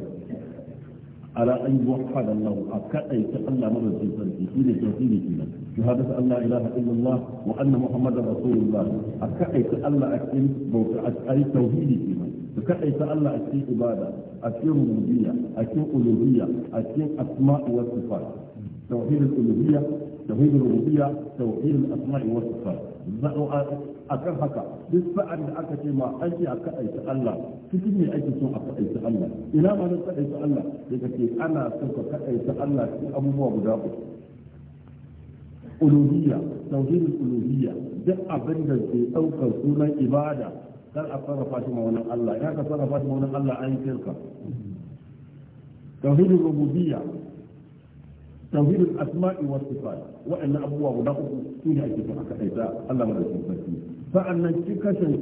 على أن يوحد الله أكأي تقلى مرة في سنتي في توحيد كنا شهادة أن لا إله إلا الله وأن محمدا رسول الله أكأي تقلى أكل بوكأت أي توحيد كنا su kaɗaita Allah a cikin ibada a cikin rububiyya a cikin uluhiyya a cikin asma'i wa sifat tauhidul uluhiyya tauhidul rububiyya tauhidul asma'i wa sifat kan haka duk sa'an da aka ce ma an ce a kaɗaita Allah cikin ne ake son a kaɗaita Allah ina ma na kaɗaita Allah Da ka ce ana son ka kaɗaita Allah cikin abubuwa guda uku uluhiyya tauhidul uluhiyya duk abin da ke ɗaukar sunan ibada kar a sarrafa shi ma wannan Allah ya ka sarrafa shi ma wannan Allah an shirka tauhidul rububiyya tauhidul asma'i wa sifat wa'annan abubuwa guda uku ne ake son aka aita Allah madaukakin sarki sa'annan shi kashin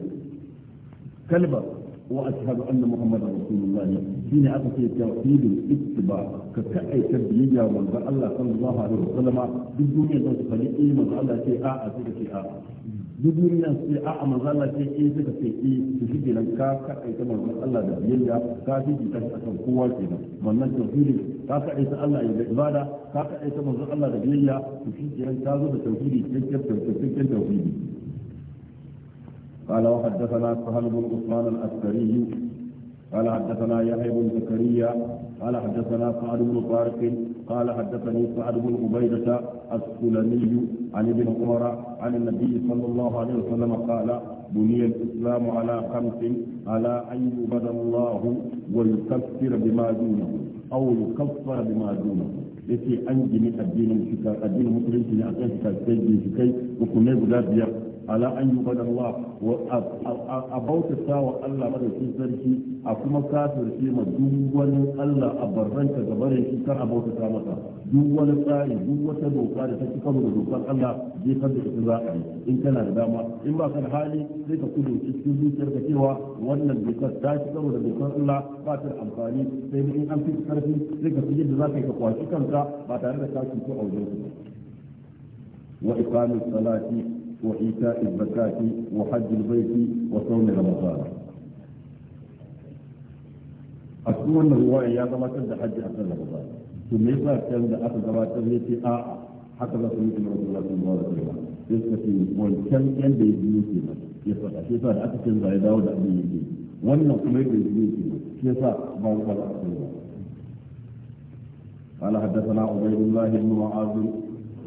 kalba wa ashhadu anna muhammadar rasulullahi shine aka ce tauhidul ittiba ka kaita biyayya manzo Allah sallallahu alaihi wasallama duk duniya zan su fadi eh, manzo Allah ce a sai ka ce a. duk duniya sai a a manzala ce in suka ce in eh, su shige nan ka kaɗaita manzon Allah da biyayya ka shige ta akan kowa kenan wannan tauhidi ka kaɗaita Allah ya ibada ka kaɗaita manzon Allah da biyayya su shige nan ka zo da tauhidi cikakken cikakken tauhidi قال وحدثنا سهل بن عثمان العسكري قال حدثنا يحيى بن زكريا قال حدثنا سعد بن طارق قال حدثني سعد بن عبيدة السلمي عن ابن عمر عن النبي صلى الله عليه وسلم قال بني الإسلام على خمس على أن يعبد الله ويكفر بما دونه أو يكفر بما دونه yace an gini addinin shi addinin musulunci ne akan shi kai shi kai hukumai guda biyar ala an yi badarwa a bautata wa Allah madaukin sarki a kuma kafirce ma duk wani Allah a barranta gaba barin shi a bautata masa duk wani tsari duk wata doka da ta ci karo da dokar Allah je kan da ita za a yi in kana da dama in ba ka hali sai ka kudu cikin zuciyar ka cewa wannan dokar ta ci karo da dokar Allah ba ta amfani sai in an fi karfi sai ka fi yadda za ka yi ka kwaci kanka ba tare da ka cuto a wajen wa salati وإيتاء الزكاة وحج البيت وصوم رمضان أكون الرواية يا زما تبدأ حج أكثر رمضان ثم يطلع كان ده أكثر زما تبدأ آه, آه حتى لا تموت من رسول الله صلى الله عليه وسلم يستفي كم كان بيجيو كده يصح شيء صار أكثر زي داود أبي يجي وأنه كم بيجيو كده شيء صار ما هو قال حدثنا عبيد الله بن معاذ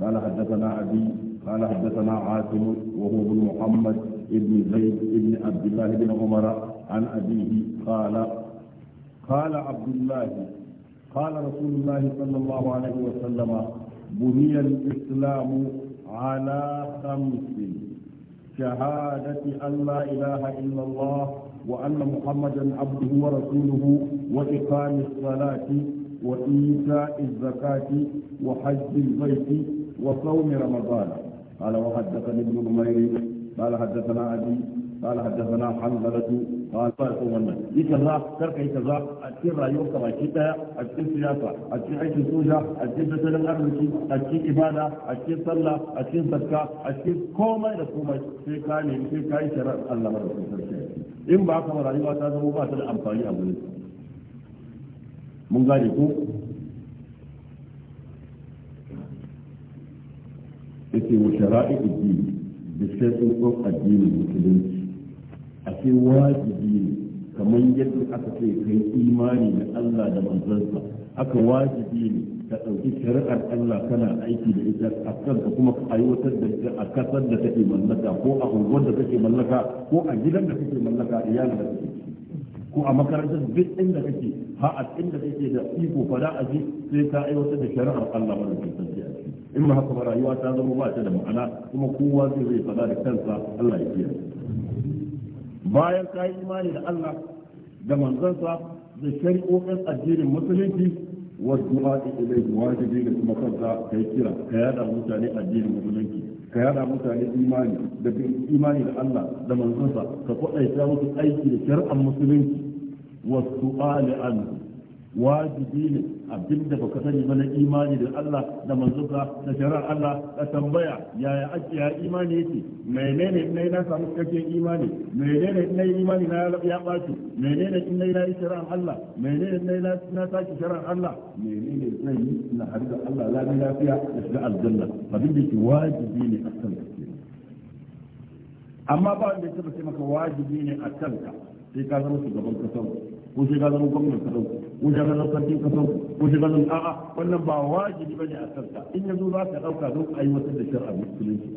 قال حدثنا أبي قال حدثنا عاصم وهو بن محمد بن زيد بن عبد الله بن عمر عن أبيه قال قال عبد الله قال رسول الله صلى الله عليه وسلم بني الإسلام على خمس شهادة أن لا إله إلا الله وأن محمدا عبده ورسوله وإقام الصلاة وإيتاء الزكاة وحج البيت وصوم رمضان قال وحدثني ابن نمير قال حدثنا ابي قال حدثنا حنظلة قال فأتونا يكرا ترك يكرا أتكر رأيوك راكتا أتكر سياسة أتكر عيش سوجة أتكر تسل الأرمشي أتكر إبادة أتكر صلى أتكر زكاة أتكر كوما إلى كوما في كاني في كاي شرع الله مرسل إن بعث مرأيوات هذا مباشر أمطاني أبو من قال يقول yake wa shara'i addini da shaɗin addinin musulunci a ce wajibi ne kamar yadda aka ce kai imani da Allah da manzansa aka wajibi ne ka ɗauki shari'ar Allah kana aiki da ita a ka kuma ka aiwatar da ita a kasar da take mallaka ko a unguwar da take mallaka ko a gidan da take mallaka iyalin da take ko a makarantar duk inda kake ha a inda kake da iko fada a ji sai ka aiwatar da shari'ar Allah ba da a in ma haka ba rayuwa ta zama ba ta da ma'ana kuma kowa zai zai fada da kansa Allah ya kiyaye bayan ka yi imani da Allah da manzansa da shari'o'in addinin musulunci wasu du'a ilayhi wajibi da kuma ka yi kira ka yada mutane addinin musulunci ka yada mutane imani da imani da Allah da manzonsa ka kwadaita musu aiki da shar'an musulunci wasu su'ali anhu wajibi ne abinda baka sani ba na imani da Allah da manzuka da shari'ar Allah da tambaya yaya ake ya imani yake menene in nayi na samu cikakken imani menene in nayi imani na ya baci menene in nayi na yi shari'ar Allah menene in nayi na saki shari'ar Allah menene zai yi na harga Allah lafiya lafiya da shiga aljanna abinda yake wajibi ne a kanka amma ba wanda ya taba sai maka wajibi ne a kanka sai ka zama shugaban kasar ko sai ka zama gwamnan ka dauko ko sai ka zama sarkin ka dauko ko sai ka zama a'a wannan ba wajibi bane a sarka in yazo za ka dauka don aiwatar da shar'a musulunci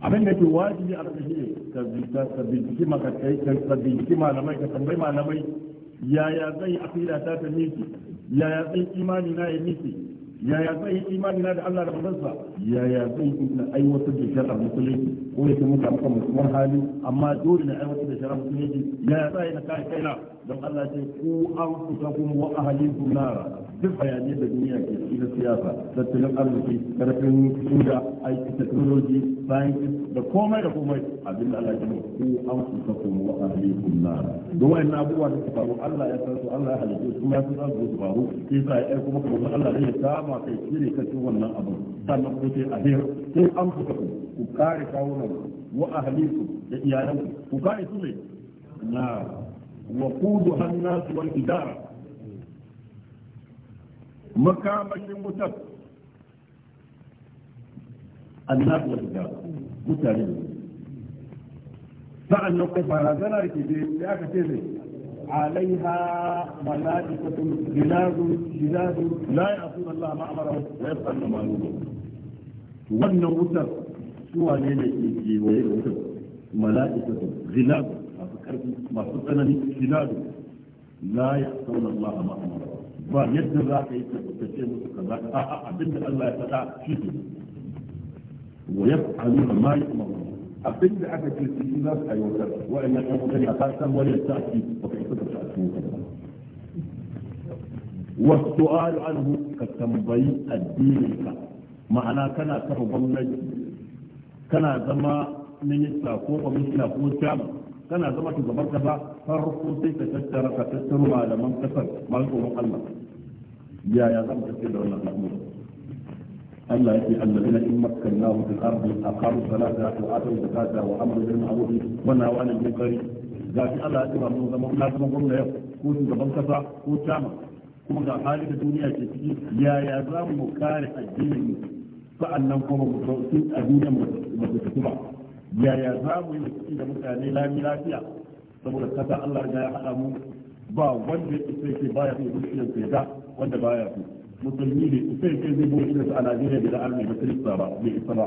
abin da ke wajibi a kanka ka binciki maka kai ka binciki malamai ka tambayi malamai yaya zai akida ta ta miki yaya zai imani na ya miki yaya zai yi imani na da Allah da manzansa yaya zai yi na aiwatar da shar'a musulunci ko yake mun ga muka musulman hali amma dole na aiwatar da shar'a musulunci yaya zai na kai kaina don Allah ce ku an fusa kuma wa ahalikum nara duk bayanai da duniya ke ciki na siyasa tattalin arziki karfin kuda aiki technology science da komai da komai abin da Allah ya mu ku an ku ka ku wa ahlikum nar duk wayan abubuwa da suka faru Allah ya san su Allah ya halittu su ya san su faru sa ya yi kuma kuma Allah zai kama kai shiri ka ci wannan abu sannan ku sai ahir sai an ku ku kare kawunan wa ahlikum da iyalanku ku kare su ne na wa وقودها الناس والإدارة makamashin wutar annabi wata da mutane sa'an nan kuma barazana da ke aka ce alaiha jinazu jinazu la ya'tuna Allah ma amara wannan wutar suwa ne ne ke da wutar jinazu masu masu tsanani jinazu la ya'tuna Allah ma amara ba yadda za ka yi tabbatacce musu kaza a abinda Allah ya faɗa shi ne wa yaf'aluna ma yu'maruna abinda aka ce su za su aiwatar wa'annan ɗan kuɗin a kasan wani ta ci ba ka isa ka ta ci wasu su'alu anhu ka tambayi addinin ka ma'ana kana kafa gwamnati kana zama minista ko kwamishina ko jama kana zama shugaban kasa farko sai ka tattara ka tattaro malaman kasar malaman Allah yaya za mu tafi da wannan al'amura Allah yake allazina in makkannahu fil ardi aqamu salata wa atu zakata wa amaru bil ma'ruf wa nahaw 'anil munkar gashi Allah ya tura mu zama na zama gwamna yau ko shugaban kasa ko tama kuma ga hali da duniya ke ciki yaya za mu kare addinin sa'annan kuma mu sauki a duniyar mu tafi ba yaya za mu yi da mutane lami lafiya saboda kasa Allah ya haɗa mu ba wanda ya isa yake baya so zuciyar sa ga wanda baya so musulmi ne isa yake zai bude shi a Najeriya da arme ba kirista ba bai isa ba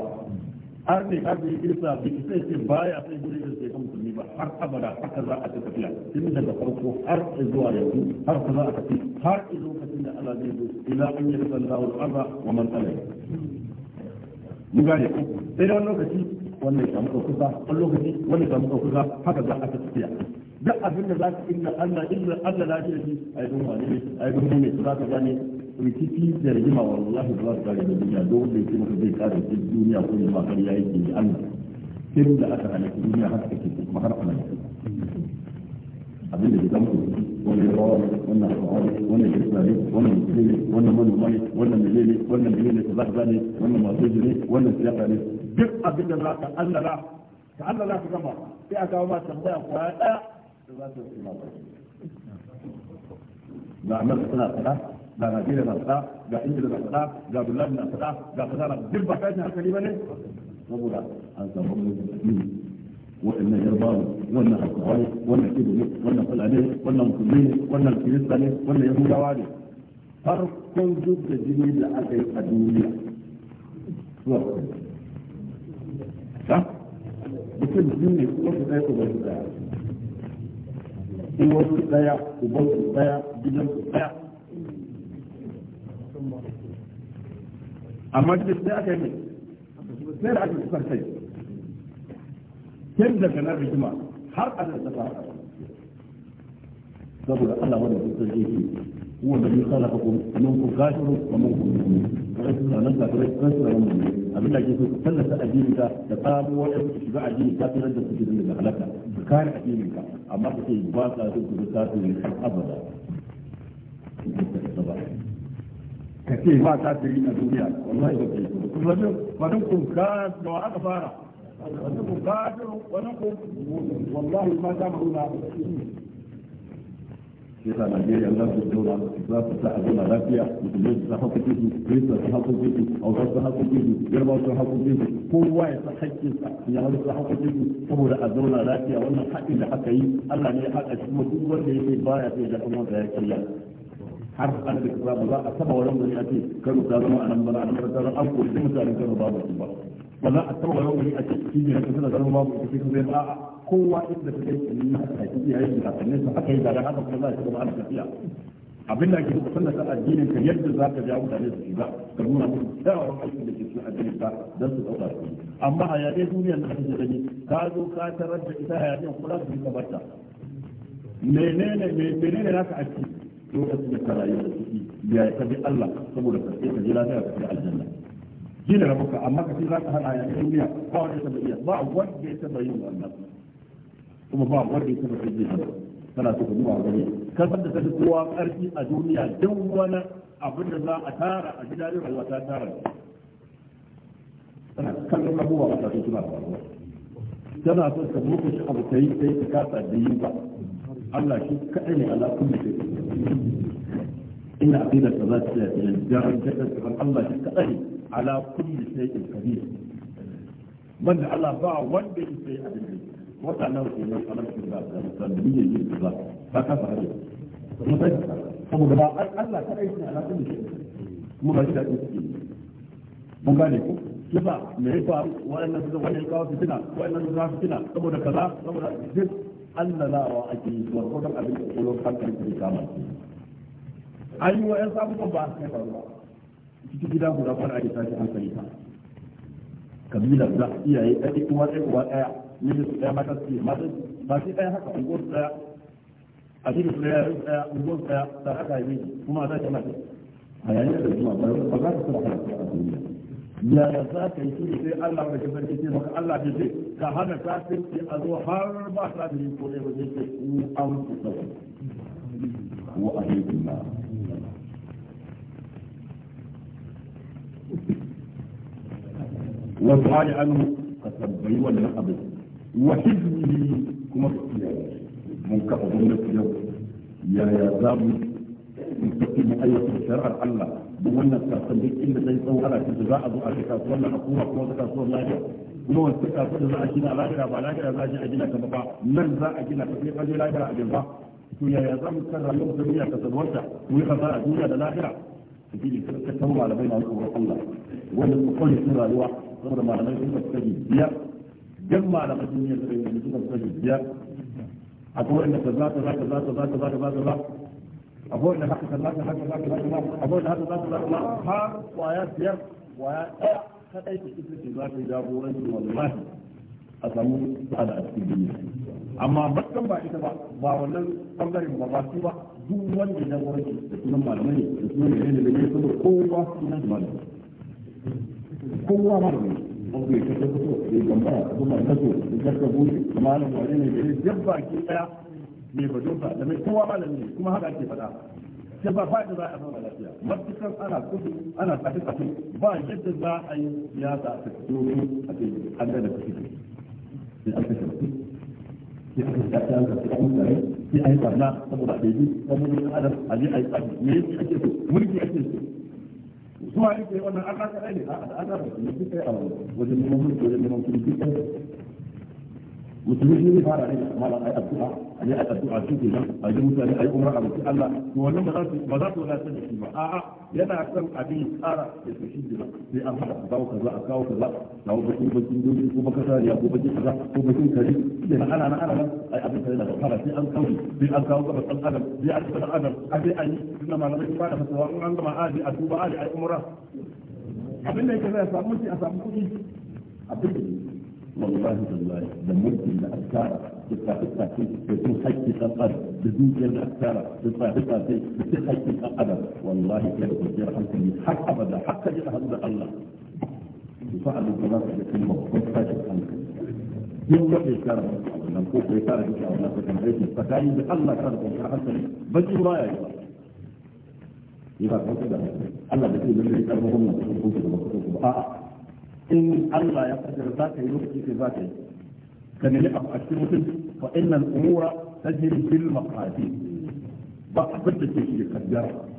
arme arme kirista bai isa yake baya sai bude shi ga musulmi ba har abada haka za a tafiya tun daga farko har zuwa yanzu har ka za a tafi har lokacin da Allah zai zo ila an yi sallahu wani arba wa man alai mun gane ko sai da wani lokaci wannan ya samu kusa wani lokaci wannan ya samu kusa haka za a tafiya duk abin da za ka illa Allah illa Allah lafiya shi ai don wani ne ai don ne za ka gane rikici da rigima wallahi ba za ka gane da duniya don wanda yake maka zai kare shi duniya ko ne ma kariya yake yi Allah sai da aka halaka duniya har take kuma har ana abin da ke kan ku wannan rawa wannan rawa wannan kirista ne wannan mutum ne wannan manoma ne wannan mele ne wannan mele ne kaza kaza ne wannan masu ne wannan siyasa ne duk abin da za ka Allah ka Allah ka gama sai a kawo ma tambaya kwaya daya ga nan suna fada ga Najeriya na fada ga Ingila na fada ga Bulan na fada ga fada na duk ba kai hankali bane saboda an samu mutum wannan yarbawa wannan alkawai wannan ido ne wannan fulani wannan musulmi ne wannan kirista ne wannan yahudawa ne farkon duk da jini da aka yi a duniya zuwa ta mutum jini kuma su ɗaya ubangiji uwarsu daya ubansu daya gidansu daya amma duk sai aka yi sai da aka kusar kai tun daga nan rigima har a da tafa saboda Allah wanda kusar yake wanda ne kala ka kuma mun ku gashiru wa mun ku kai su nan ka kai kai su nan abin da ke so tallata addini ka da tsamo wanda shiga addini ka tsira da su da halaka kare addinin ka amma ka ce ba sa so ku ta su ne abada ka ce ba ta tiri a duniya wallahi ba kai kuma don kun ka da aka fara wannan kun ka don kun wallahi ma ta mu na yasa Najeriya za su zauna za su sa a zauna lafiya musulmai su sa haƙoƙin su kirista su haƙoƙin su hausa su haƙoƙin su yarbawa su haƙoƙin su kowa ya sa haƙƙin sa ya wani sa haƙoƙin su saboda a zauna lafiya wannan haƙƙin da aka yi Allah ne ya haƙa shi kuma duk wanda yake baya sai da kuma da ya killa har an da ba za a saba wani wani a ce kano ta zama a nan bana a nan ta zama an kori mutanen kano babu su ba ba za a taɓa wani a cikin cibiyar da suna zama babu ita cikin zai ba'a kowa inda ta kai yi a cikin iyayen da kakannin su aka yi da haka kuma za a shiga ma'ana tafiya abin da ake kusan da addinin ka yadda za ka ja mutane su shiga ka nuna musu kyawawan aikin da ke cikin addinin ka don su ɗauka su amma a yaɗe duniyar da kake gani ka zo ka tarar da ita hayaniyar za su yi kabarta menene menene naka a ciki lokacin da ka rayu da ciki ya ka bi Allah saboda ka sai ka je lafiya ka je aljanna جينا بكرة أما كثير غير أهل آيات الدنيا ضاع سبعية ضاع ودي سبعية مؤمنات ثم ضاع ودي سبعية فلا تكون مؤمنية كيف أنت تتوى أرتي الدنيا دونا أبن الله أتارا أجداري هو أتارا كم من أبوة أتارا تتوى كما تلك مكش كيف تكاتا الدين الله شكأني على كل شيء إن عقيدة ثبات جاء الجنة سبحان الله تتأهي على كل شيء كبير من على باع وان بين شيء أبنه وطعنا في الله على الشباب المسلمين يجب da فكفى هذا saboda ba Allah ta aiki ala kulli shay mu ba shi da mun gane ko yasa me ya faru wa'annan su wani kawo fitina wa'annan su za fitina saboda kaza saboda duk Allah lawa ake yi wa kodan abin da kullum hankali ke kama shi an yi wa'yan sabukan ba a kai faruwa cikin gida guda kwana ake tashi hankali ta kabila za iyaye ɗaya kuma ɗaya kuma ɗaya ne da su ɗaya mata su ke mata ba shi ɗaya haka unguwar su ɗaya a cikin su ɗaya su ɗaya unguwar su ɗaya ta haka yi kuma a ta mata a yayin da zuwa ba ba za su kuma a duniya yaya za ka yi shi sai Allah ba shi sarki maka Allah bai ce ka hana ke a zo har ba sa da yi ko ba zai ce ku an ku wa alaikum والسؤال عنه كتبعي ولا أبد gwamnati كما منكر من اليوم يا يا زابي مستقيم أية شرع الله بوانا تخليك إلا زي صورة تزرع أبو أشكا ولا أقوى أقوى زكا kasuwar لا يجب kuma kasuwar kafin za a gina lafiya ba lafiya za a gina ta ba nan za a gina ta sai kaje lafiya a gina ba to yaya za mu kan rayuwar duniya ta mu yi a duniya da lafiya shi ne malamai na tsoron Allah wanda su kwari sun rayuwa saboda malamai sun kasu kashi biyar jan malamai sun yi tsaye wanda suka kashi biyar A wanda ka za ka za ka za ka za A za ka za ka akwai wanda haka ka za ka haka za ka za ka akwai wanda haka za ka za ka kwaya biyar kwaya ɗaya kaɗai ta ita ce za ta yi jagoranci wallahi a samu sa'ada a cikin duniya amma bakan ba ita ba ba wannan ɓangaren ba ba su ba duk wanda ya warke da sunan malamai da sunan da ne da ne saboda kowa sunan da malamai kowa malamai wanda ya kasa fito ya gambara kuma ya kaso ya kasa buɗe da malam wane ne da ya jabba ki ɗaya ne ba da mai kowa malami kuma haka ake faɗa sai ba faɗi za a zama lafiya matukan ana kudu ana tafi tafi ba yadda za a yi siyasa a cikin a cikin an da tafi sai sai aka da ta ga sai an kare sai ai barna saboda ajeji saboda adam aje me yake ake so mulki ake so zuwa yake wannan an ne a da an ka a wajen neman mulki wajen neman duk musulmi ne fara ne mala ai addu'a ai addu'a shi ne ai mutane ai umra abu Allah to wannan ba za su ba za su wadatar da shi ba a'a yana son abin tsara da su shi ne sai an fara kawo kaza a kawo kaza kawo bakin bakin dole ko baka sani ko bakin kaza ko bakin kare da ana na ana ai abin da da fara sai an kawo sai an kawo gaba san adam sai an kawo adam a sai an yi kuma malamai ba da fasawa an gama aji a tuba aji ai umra abin da yake zai samu shi a samu kuɗi abin da والله والله ده ممكن لأفكارك بالطريقة فيك بتحقق القدر بدون الأفكار بالطريقة دي بتحقق القدر والله كده بتدير حالك حق أبدا حق جدا هذا الله وفعل الجماعة التي مبقصة يوم تكن إن شاء الله بالله الله من إن الله يقدر ذاته يؤتي في ذاته كان لقب أكتبه وإن الأمور تجري في المقاتل بقى بدت تجري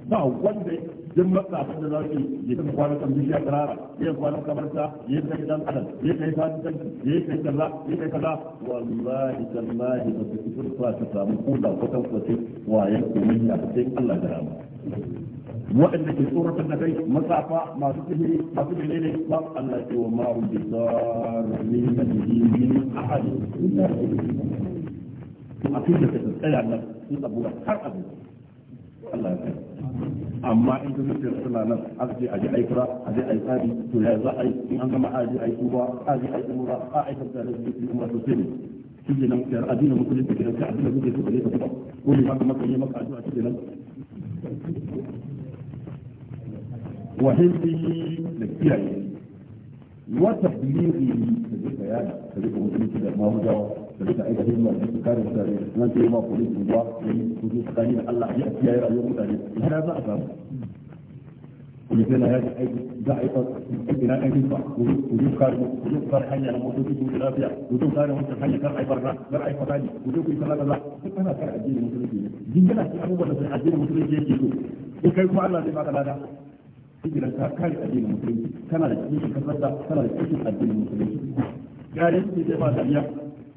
ba wanda duk matsafin da za su yi ya kwana kan bishiya karara ya kwana kamarta ya kai dan adam ya kai fasikan ya kai kaza ya kai kaza wallahi tallahi ba su fitur fa ta samu kula kwatan kwatin wayan kumin ya sai Allah da rama waɗanda ke tsoratar da kai matsafa masu sihiri masu da ne ba Allah ce wa ma'u bi zarri da jini ahadi a da ta tsaya nan sun abuwa har abu Allah ya kai amma in kuma ce suna nan a ce a ji aikura a ji aikari to ya za a yi in an gama a ji ai a ji aikura a aikar da da su kuma to sai ne shi ne nan da addinin mutum da ka addinin musulunci da ka tuba ko ne maka maka ne maka addu'a shi nan wa hindi da kiyaye wata tablighi da bayani da mutum da mahudawa تستعيد هم الكفار الثاني من تيما قلت الله وجود قليل الله يأتي يا يوم ثاني هذا ما أفهم ولكن هذه أي ضعيفة إلى أن ينفع وجود خارج وجود خارج حي على موضوع وجود رافع وجود خارج وجود حي كرع برا كرع فتاني وجود في صلاة الله أنا كرع الدين المسلمين جنبنا في أبو بكر في الدين المسلمين يجيكم وكيف الله لما قال hijira ta kare addinin musulunci tana da cikin kasar da tana da cikin addinin musulunci gare su zai ba dariya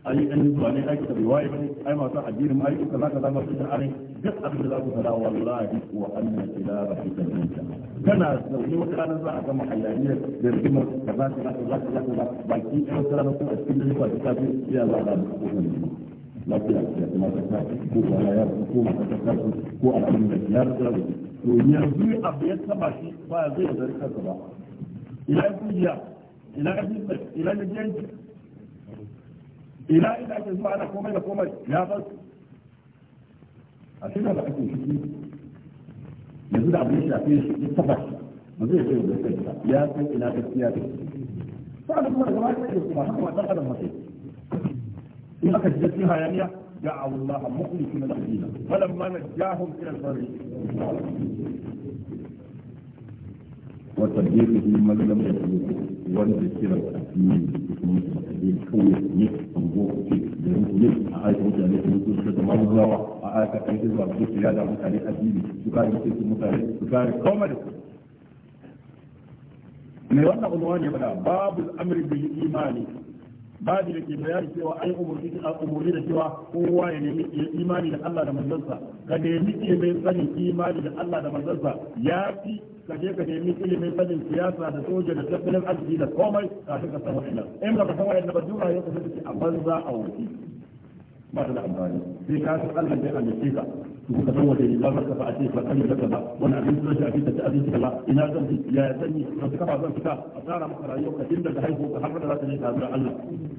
ai an zuwa ne aiki bai waye bane ai masu addinin ai kuka zaka zama su da arai duk abin da za ku fada wallahi wa anna ila rabbika minka kana zaune wata ranar za a gama hayaniya da rigima da za ka zaka zaka zaka baki ɗaya wata ranar kuma a cikin dare ba ta fi ya za a zama lafiya da kuma ta ta ko ba ya ko ma ta ta ko al'amun da ya rasa to yanzu abu ya saba shi ba zai zarka ba ila kujiya ila abin ila lijiyanci إلى إلى أن يسمع لك ومي لك ومي يا بس أشينا بحكم شكي يزود عبد الله شاكين يتفق ما زي شيء يا بس إلى بس يا بس فأنا كمان جماعة كتير ما هم ما دخل المسجد إن أكد جسدي هايانية دعوا الله مخلصين له دينا فلما نجاهم إلى البر وتجيبهم من لم يكن وانزل الى التكليم بكل مسلم ne kauye ne ango ce garin ku ne a aika mutane su mutu su da mamuzawa a aika kai zuwa su ya da mutane addini su kare mutunci mutane su kare koma da su mai wannan ulwa ne bada babu al'amri bil imani babu da ke bayani cewa ai umurni da umurni da cewa kowa ya nemi imani da Allah da manzansa ka nemi ke mai sanin imani da Allah da manzansa ya fi ka je ka nemi ilimin fannin siyasa da soja da tattalin arziki da komai kafin ka samu ina in ka san wa'annan ba duk a banza a wuce ba ta da amfani sai ka su kalmar da ka su san waje ba ka a ce ba kalmar da ba wani abin da shafi ta abin ba ina zan ji ya zan yi ba fita a tsara maka rayuwar ka tun daga haihu ka har da za ta ka Allah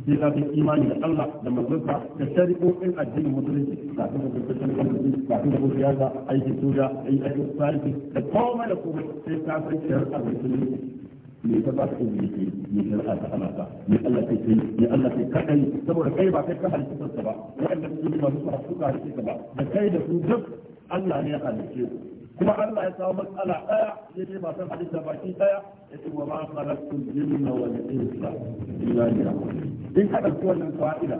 sai ka fi imani da Allah da manzonsa da shari'o'in addinin musulunci ka fi da kusurcin kwanci ka da kusurya ga aikin soja da sai ka san me ka ba ka izini ke me ka ba ka ka Allah ke kai me Allah ke ka saboda kai ba kai ka halitta ka ba wanda su ne masu su ka halitta ba da kai da su duk Allah ne ya halitta kuma Allah ya samu matsala daya ya ce ba san halitta baki daya ya ce wa ma khalaqtul jinna wal insa illa liya'budun in ka dauki wannan fa'ida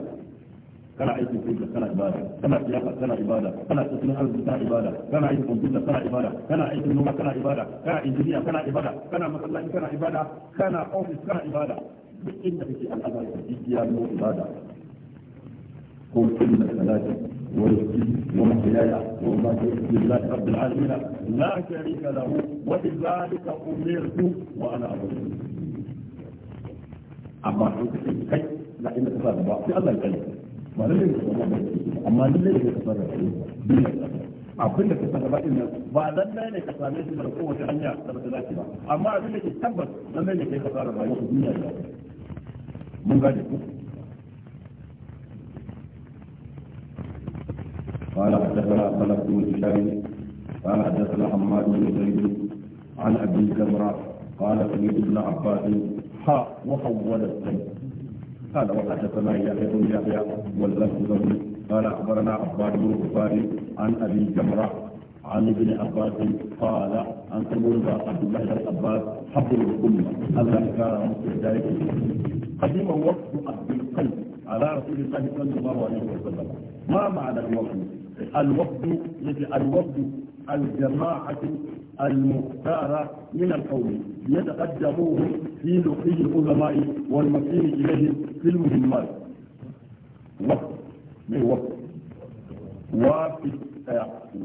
كما عيد الكمبيوتر صنع عبادة كما السياقة صنع عبادة كما السكنة صنع عبادة كما عيد الكمبيوتر صنع عبادة كما عيد النوم صنع عبادة كما إنجنيا صنع عبادة كما عبادة كما أوفيس صنع عبادة في شيء الأمر عبادة قل كل الثلاثة ورسول ومحياي والله يحكي الله رب العالمين لا شريك له وبذلك أمرت وأنا أمرت أما أنت في الحج لكن أنت في الله الكريم ba lalle da amma lalle da ka fara abin da ka saka ba ina ba lalle ne ka same shi da kowace hanya da ba ta dace ba amma abin da ke tabbas lalle ne kai ka fara rayuwa duniya da mun gane ku قال حدثنا خلف بن هشام قال حدثنا حماد بن زيد عن ابي جمره قال سمعت ابن عباس حاء وحول السيف قال وحدثنا يحيى بن يحيى واللفظ قال اخبرنا عباد بن البخاري عن ابي جمره عن ابن عباس قال عن تقول عبد الله بن عباس حب الامه هذا كان مستهدايه قديما وقت عبد القلب على رسول الله صلى الله عليه وسلم ما معنى الوقت الوقت مثل الوقت الجماعه المختار من القوم يتقدموه في لقي العلماء والمسير اليهم في المهمات وقت من وقت وقت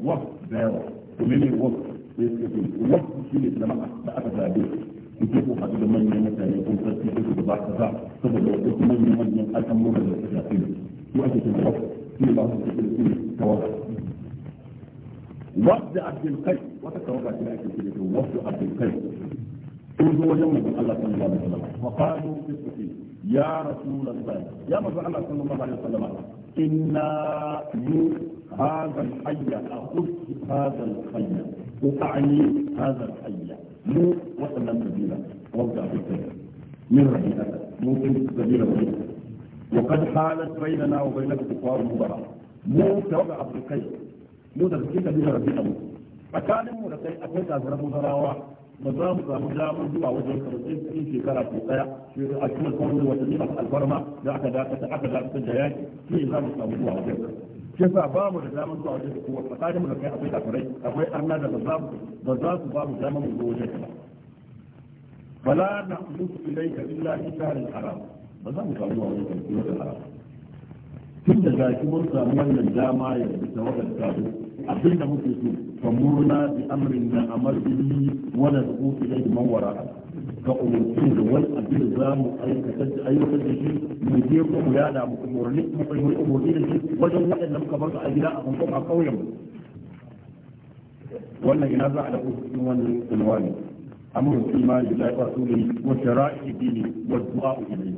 وقت بيرو ومن وقت وقت في لما اتعبت عليه يجيبوا حتى من يمكن ان يكون في بعض الاحزاب ثم لو قلت من يمكن ان يكون في بعض الاحزاب يؤكد الوقت في بعض الاحزاب وفد عبد القيس وتتوقع في آية الكريمة وفد عبد القيس إذ هو يوم الله صلى الله عليه وسلم وقالوا في السفين يا رسول الله يا رسول الله صلى الله عليه وسلم إنا هذا الحي أخذ هذا الحي وأعني هذا الحي نور وصل السبيل وفد عبد القيس من رحيلته ممكن السبيل وحيده وقد حالت بيننا وبينك كفار مباراة مو توقع عبد القيس mu da cikin kabilar rabi'a mu tsakanin mu da kai akwai kazarar musarawa ba za mu samu damar zuwa wajen karshen cikin shekara ko daya a cikin kwanan watanni masu alfarma da aka dakata aka dakata da yaki shi za mu samu zuwa wajen shi yasa ba mu da damar zuwa wajen kowa tsakanin mu da kai akwai kafirai akwai arna da ba za su ba mu damar mu zo wajen ka فلا نحدث إليك إلا في شهر الحرام بزام قالوا عليك في الحرام كل ذلك من ساموان الجامعة يبتوى الكابو أبين مكتسو فمرنا بأمر ما أمر به ولا تقول إليه من وراءه فقل الكيز والأبيزام أي كتج أي كتج مديركم يا دعمكم ورنك مقيم الأمور إلى الجيد وجل وقل لم كبرت أجلاء من طبع قويا وأن جنازة على أسنوان الوالي أمر الإيمان بالله ورسوله وشرائع الدين والدعاء إليه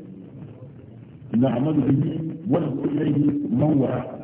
نعمل به ونقول إليه من وراءه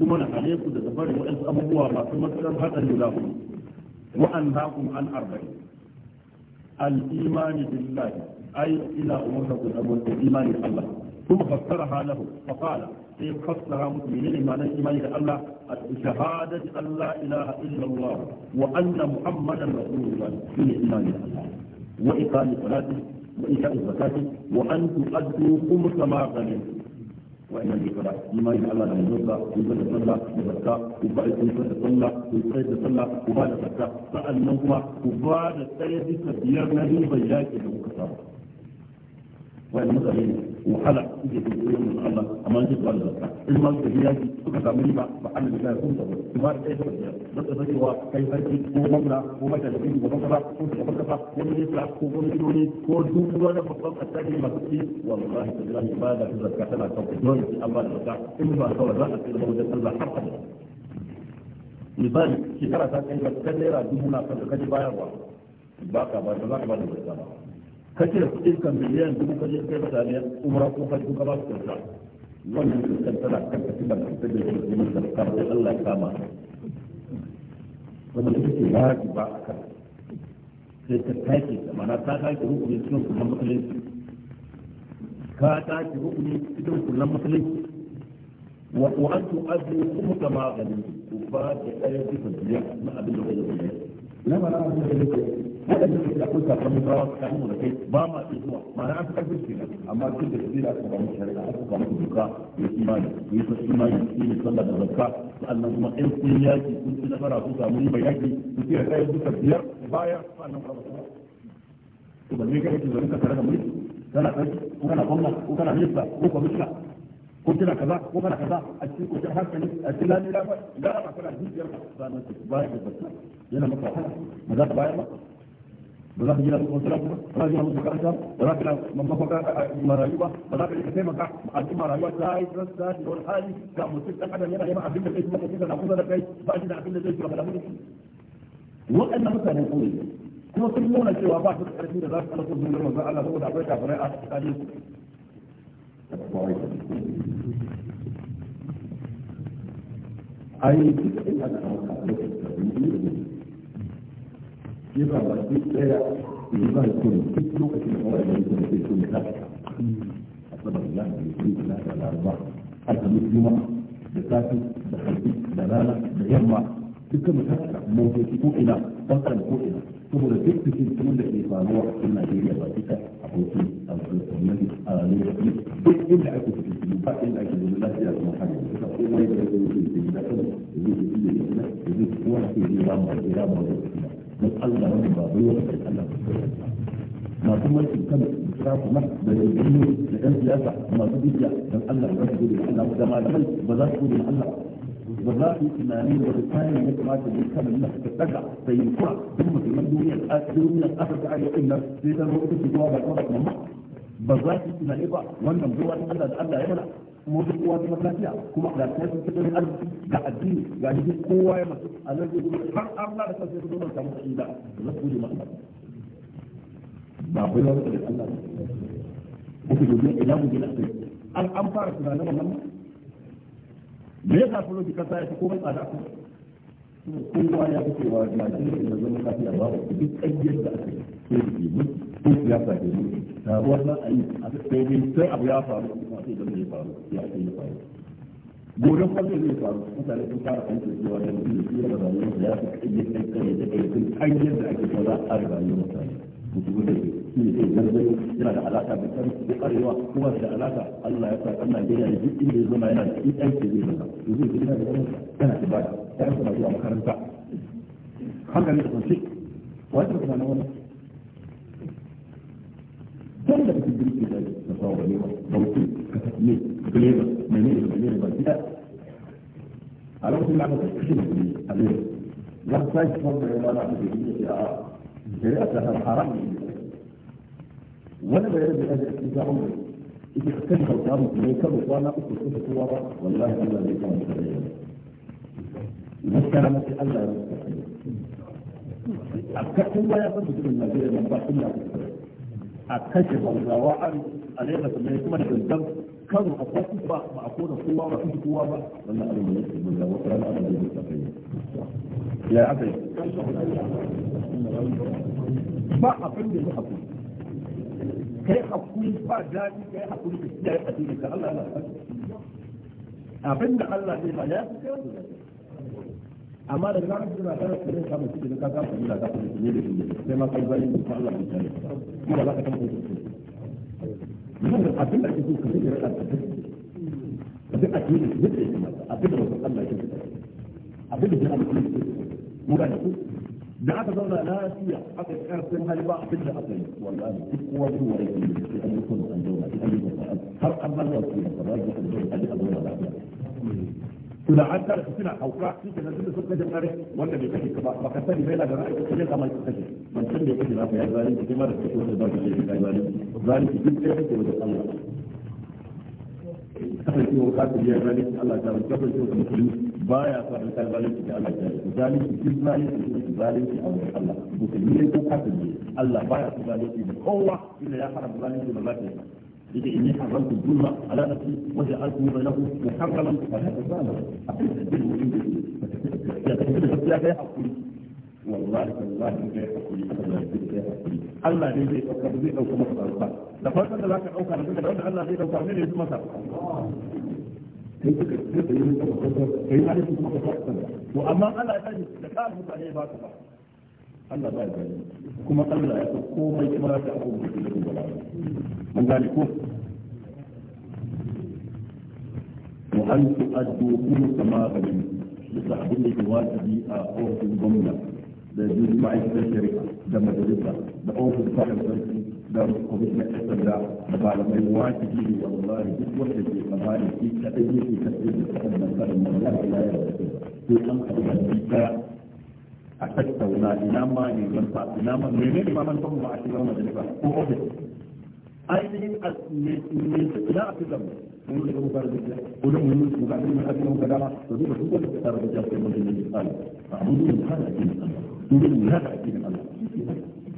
kuma na hane ku daga barin waɗansu abubuwa masu matsalar haɗari za ku wa'an hakum an arba'in al-imani billahi ay ila umurku abul imani Allah kuma fassaraha lahu fa qala sai fassara muku menene ma'anar imani da Allah shahadat Allah ilaha illa Allah wa anna muhammadan rasulullah shine imani da Allah wa iqami salati wa ita'i zakati wa an tu'addu khumsa ma ghanimtum وإن الإبراء لما يجعل الله من يرضى يبقى صلى يبقى يبقى يبقى صلى يبقى صلى وبعد صلى فأنه وبعد سيدك بيرنا هي بياك المكتب wani mutane wahala suke da koyon da Allah amma shi ba da zakka in ma suka biya shi suka samu riba ba Allah ya kun da su ba da kai da da sake wa kai sarki ko mamla ko mata da biyu gaban kafa ko da gaban kafa ko ne sa ko gwamnati ko duk wani babban asali masu ci wallahi billahi ba da zakka tana kan dole sai an ba da zakka in ba kawai za a tsira wajen Allah har abada misali shekara ta kai ba ta naira dubu na kan da kaji bayarwa ba ka ba ta za ka ba da zakka ba ka cire kuɗin kan miliyan dubu ka je kai mutane umra ko ka ko ka ba su kyauta wannan kuɗin tana kan ka tibar da da ke jini da karfe Allah ya kama wanda ita ce ba ki ba akan sai ta take ta mana ta take rukuni cikin kullum musulunci ka take rukuni cikin kullum musulunci وأن تؤدوا قمت ما غنمتم وفات أيدي في الدنيا ما أبدا غير الدنيا لما لا أبدا غير waɗanda suke da kun sakamakon rawa su kamu da kai ba ma su zuwa ma'ana an fi ke nan amma duk da su da aka samu shari'a aka su duka ya imani ya sa imani shi ne sallah da zakka sannan kuma ɗan sun yaki sun ci nasara sun samu riba yaki sun ci da duka biyar baya sannan kuma su ba zai kai su zai ka tare da mulki kana kai ko kana gwamna ko kana minista ko kwamishina ko kina kaza ko kana kaza a cikin ko kin hankali a cikin lani da ba da ba kana jijiyar ba sannan ba ya da yana maka wahala ba za ka bayar ba ba za ka gina al'ummar sarafu ba ba za ka gina makaranta ba za ka gina marayu ba ba za ka gina taimaka al'ummar rayuwa ta yi rasta da wani hali ga mutum ɗan adam yana neman abin da kuma kisa na kusa da kai ba shi da abin da zai kuma da mutum waɗannan mutanen kuma sun nuna cewa ba su da ƙarfi da za su alaƙo zuwa manzon Allah saboda akwai kafirai a tsakanin su ai duk inda ka shi ba ba shi tsaya shi eh, ba shi kuma duk lokacin da wani yanzu da zai so ne lafiya a saboda lafiya da zai lafiya laraba alhamis juma'a da safi da karfi da rana da yamma dukkan mutaka motoci ko ina bankan ko ina saboda duk cikin cikin da ke faruwa a cikin Najeriya ba duka a hoto a gwamnati a lokaci duk inda ake cikin cikin ba inda ake zama lafiya kuma hali duka komai da ya zama cikin cikin da kuma da zai cikin da ya zama da zai kowa ke zai ba mu da ya ba duk Allah wani ba bai wata kai Allah ba masu mulkin kan ta kuma da yanzu da ɗan siyasa masu dukiya don Allah ba su gudu da Allah ba da malamai ba za su gudu da Allah ba za su yi tunani da wata kayan ya kamata da kan nan ta daga da yi kura duk musulman duniyar duniyar Afirka a yau nan sai ta zo ita ce kowa ba kowa ba ba za su yi tunani ba wannan zuwa Allah da Allah ya mana motsa kowa ta lafiya kuma ga kai sun arziki ga addini ga jikin kowa ya masu a nan zai har Allah da kansa ya fito da samu inda za su masa ba ku da Allah ku ku gode ina mu gina sai an an fara tunanin wannan me yasa fulo ki kansa ya ko tsada ku kowa ya fito wa ga jikin da zama lafiya ba ku duk ayyukan da aka yi ne yi duk ya sake wannan ayi sai dai sai abu ya faru kuma sai da zai faru ya sai ya faru gobe kuma zai zai faru mutane sun fara fahimtar cewa da mutum da tsira da rayuwar da ya fi kaje kai kai da kai sun an yadda ake so za a tsara rayuwar mutane mutum da shi ne zai zargin yana da alaka da kan da karewa kuma da alaka Allah ya sa kan Najeriya da duk inda ya zama yana da ɗin aiki zai zama to zai gina da wani yana ibada yana kuma zuwa makaranta hankali da kwanci wani kuma na wani Lagos menene menene ba gida a lokacin da aka kashe shi ne a Lagos ya sa shi wanda ya ba da shi ya a shari'a ta haram ne wani bai rabe da shi zaman da ita kan kauta mu ne karo kwana uku ko da kowa ba wallahi Allah zai kawo ta da Maskara mace Allah ya a kakin baya san mutumin Najeriya nan ba sun da a kashe bauzawa a alaikasa mai kuma da dangan karo a sati ba ba a kona kowa ba inda kowa ba wannan abin da yake da wata rana abin da yake kai ya aka yi ba abin da ya haku kai hakuri ba daɗi kai hakuri ka kiyaye addinin ka Allah na abin da Allah zai ba ya fi amma da zarar suna tare da kudin samun cikin ka ka fahimta ka fahimta ne da shi sai ma kai zai yi Allah ya kiyaye kuma ba za ka tabbata nan abin da ake so ka yi raka ta abin a cikin da yake kuma abin da wasu Allah yake abin da ya amince mu ku da aka zauna lafiya aka karfin hali ba abin da aka yi wallahi duk kowa duk wani yake da shi an yi kuma an zauna har an ba za su yi da fara da kan zauna a zauna lafiya suna an tara su suna hauka shi kaje kare wanda bai ka ba ba ka sani bai da ra'ayi ko ne kamar ka ban san ya ya Allah ta baya da Allah ta a Allah ne ko Allah baya kowa ina ya إذا إني حرمت الظلم على نفسي وجعلته بينه محرما فلا تزالوا والله والله زي حقولي زي حقولي الله دي زي فكر زي او كما قال لا فرق لا كان او كان ده الله زي لو كان ليه ما صار واما انا اجي لكان متعيه باكر Allah ba ya kuma Allah ya san komai kuma ya san abubuwan da ke da mun gane ko وأن تؤدوا كل كما غنم لتحديد الواجب أوف الضمنة da jirgin ma'aikatar shari'a da majalisa da ofis fadar sarki da kwamishin ƙasar da da malamai wajibi ne wallahi duk wanda ke tsammani shi kaɗai yake kasance da kasar da kasar da ya yi da kasar da an karɓa shi a tattauna ina ma ne fa ina ma mene ne ma manufa mu a cikin majalisa ko ofis ainihin ina a cikin mun yi rubar da ta gudun mun yi ga cikin a kuma dama to duka duk wanda ta rabu da kuma da ne tsari ba mun yi hada addinin Allah mun yi hada addinin Allah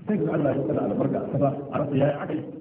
sai ga Allah ya kada albarka a saba a rasa yayi akai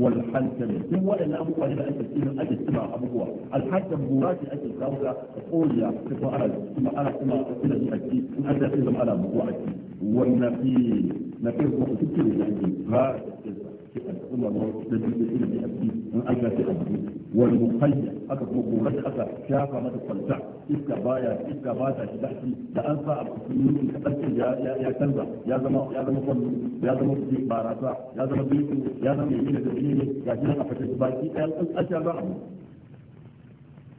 والحنتم هو ان أبو لما انت تسمع انت تسمع ابوها الحنتم بورات الاكل كاوكا تقول يا تفعل انا سمع كل ذي انت تسمع على ابوها والنبي نبي هو تكتب الاكل هذا الأمة تجد إلى الأبدي من أجل الأبدي والمخيّة أكا مقورة أكا شافة ما تفلسع إسكا بايا إسكا بايا تحتي لأنفع الأسلمين تقلت يا يا كنزة يا زما يا زما فلو يا زما في باراسا يا زما بيتو يا زما يمين تبيني يا زما أفتش بايكي أجل رحمه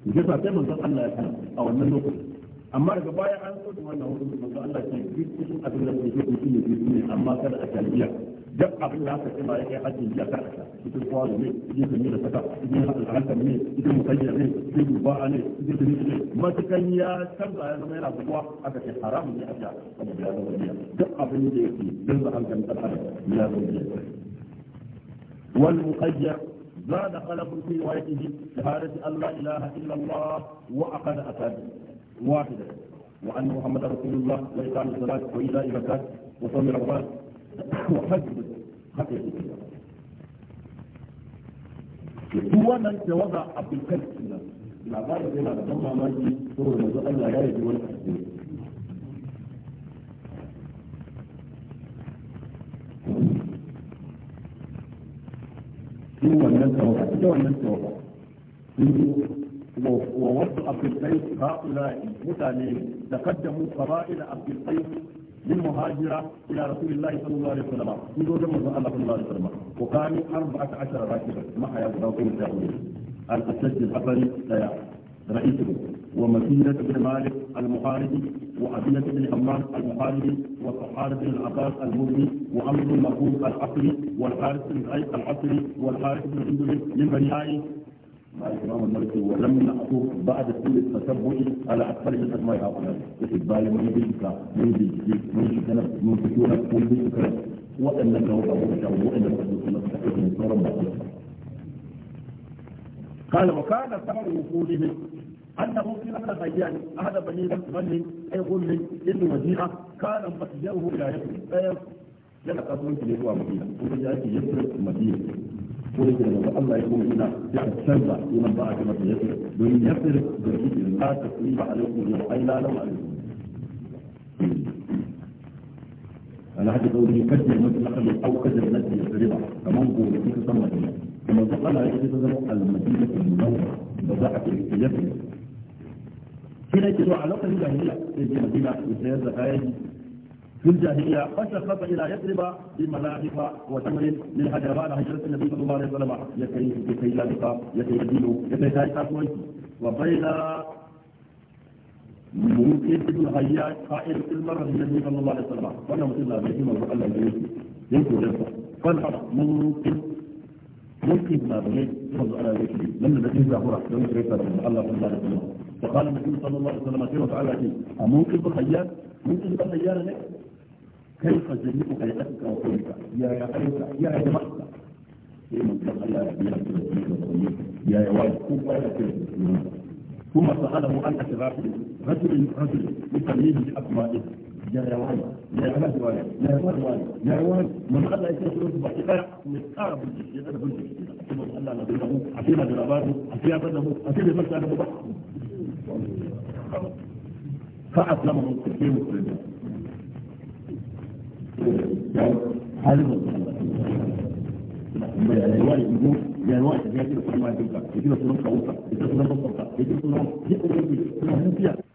yasa sai manzon Allah ya a wannan lokacin amma daga baya an so da wannan hukunci manzon Allah ke duk cikin abin da ke yi ne amma kada a tarbiya duk abin da aka ce ba ya kai hajji ya ta cikin kwano ne cikin tuni da saka cikin halarta ne cikin musayya ne cikin duba'a ne cikin tuni ne matukan ya canza ya zama yana buguwa aka ce haramun ne a sha saboda ya zama biya duk abin da yake don za a gani ɗan adam ya zama biya wal muqayyar زاد خلف في روايته شهادة أن لا إله إلا الله وأخذ أسابيع واحدة وأن محمد رسول الله وإقام الصلاة وإيتاء الزكاة وصوم رمضان duk wannan tawaga abdulkadir suna labarin yana da ban mamaki saboda yanzu Allah ya yi wani asiri duk wannan tawaga ita wannan tawaga ووضع عبد القيس هؤلاء متى تقدموا قبائل عبد القيس للمهاجرة إلى رسول الله صلى الله عليه وسلم من وجه الله صلى الله عليه وسلم وكانوا أربعة عشر راكبا ما حياة دوقين الأسجد الأسد الأثري رئيسه ومسيرة بن مالك المخالدي وأبنة بن حمام المخالدي وصحارة بن العباس المري وعمر بن مرقوب العصري والحارث بن العيق العصري والحارث بن عندل من بني ولم نأخذ بعد كل التتبع على أكثر من أسماء هؤلاء استقبال من بيتك من بيتك من شكلك من فكرك من بيتك وأنك هو أبو بكر وأنك هو أبو بكر من صورة مقصودة قال وكان سبب وصولهم أنه في هذا الغيان أحد بني بني أي غل ابن مدينة كان متجاهه إلى يسرب لما تظن في هو مدينة ومجاهته يسرب مدينة ولد لما الله يقول إنا يتسلى لمن باع كما تيسر وإن يفرق بالإذن لا تقريب عليكم أي لا لو عليكم على هذا قوله يكدر مثل أو كدر التي يفرضها كمان قول في تسمى كما تقال عليه تسمى المدينة المنورة بضاعة الكلفة هنا يجب علاقة الجاهلية في المدينة وسير زكاية في الجاهلية فشخص إلى يثرب بملاحف وتمر من حجر هجرة النبي صلى الله عليه وسلم يكي يكي يلبق يكي يدين يكي تاريخ وبين ممكن ابن هياج قائل المرة النبي صلى الله عليه وسلم وانا مثل الله بيهما وقال الله يمكن يلبق فالحق ممكن ممكن ما بغيت يحفظ على ذكري لما نتيجة فرح لو شريت الله صلى الله عليه وسلم فقال النبي صلى الله عليه وسلم كيف تعالى ممكن بالخيال ممكن بالخيال لك كيف جميع حياتك وقلبك يا يا حياتك يا يا جمعتك يا يا والد ثم سأله يا أشراف رجل رجل يا بأسمائه يا يا والد يا يا والد يا يا والد يا يا والد من قال يا يسرد يا من يا الشيء يا كنت ثم قال يا بينه يا بنباته يا بنه يا بنه يا بنه يا الكثير يا حالبا الوالد يقول يا الوالد يا كده ما يدوكا يجيب الصلاة وصا يجيب الصلاة وصا يجيب الصلاة يجيب الصلاة يجيب الصلاة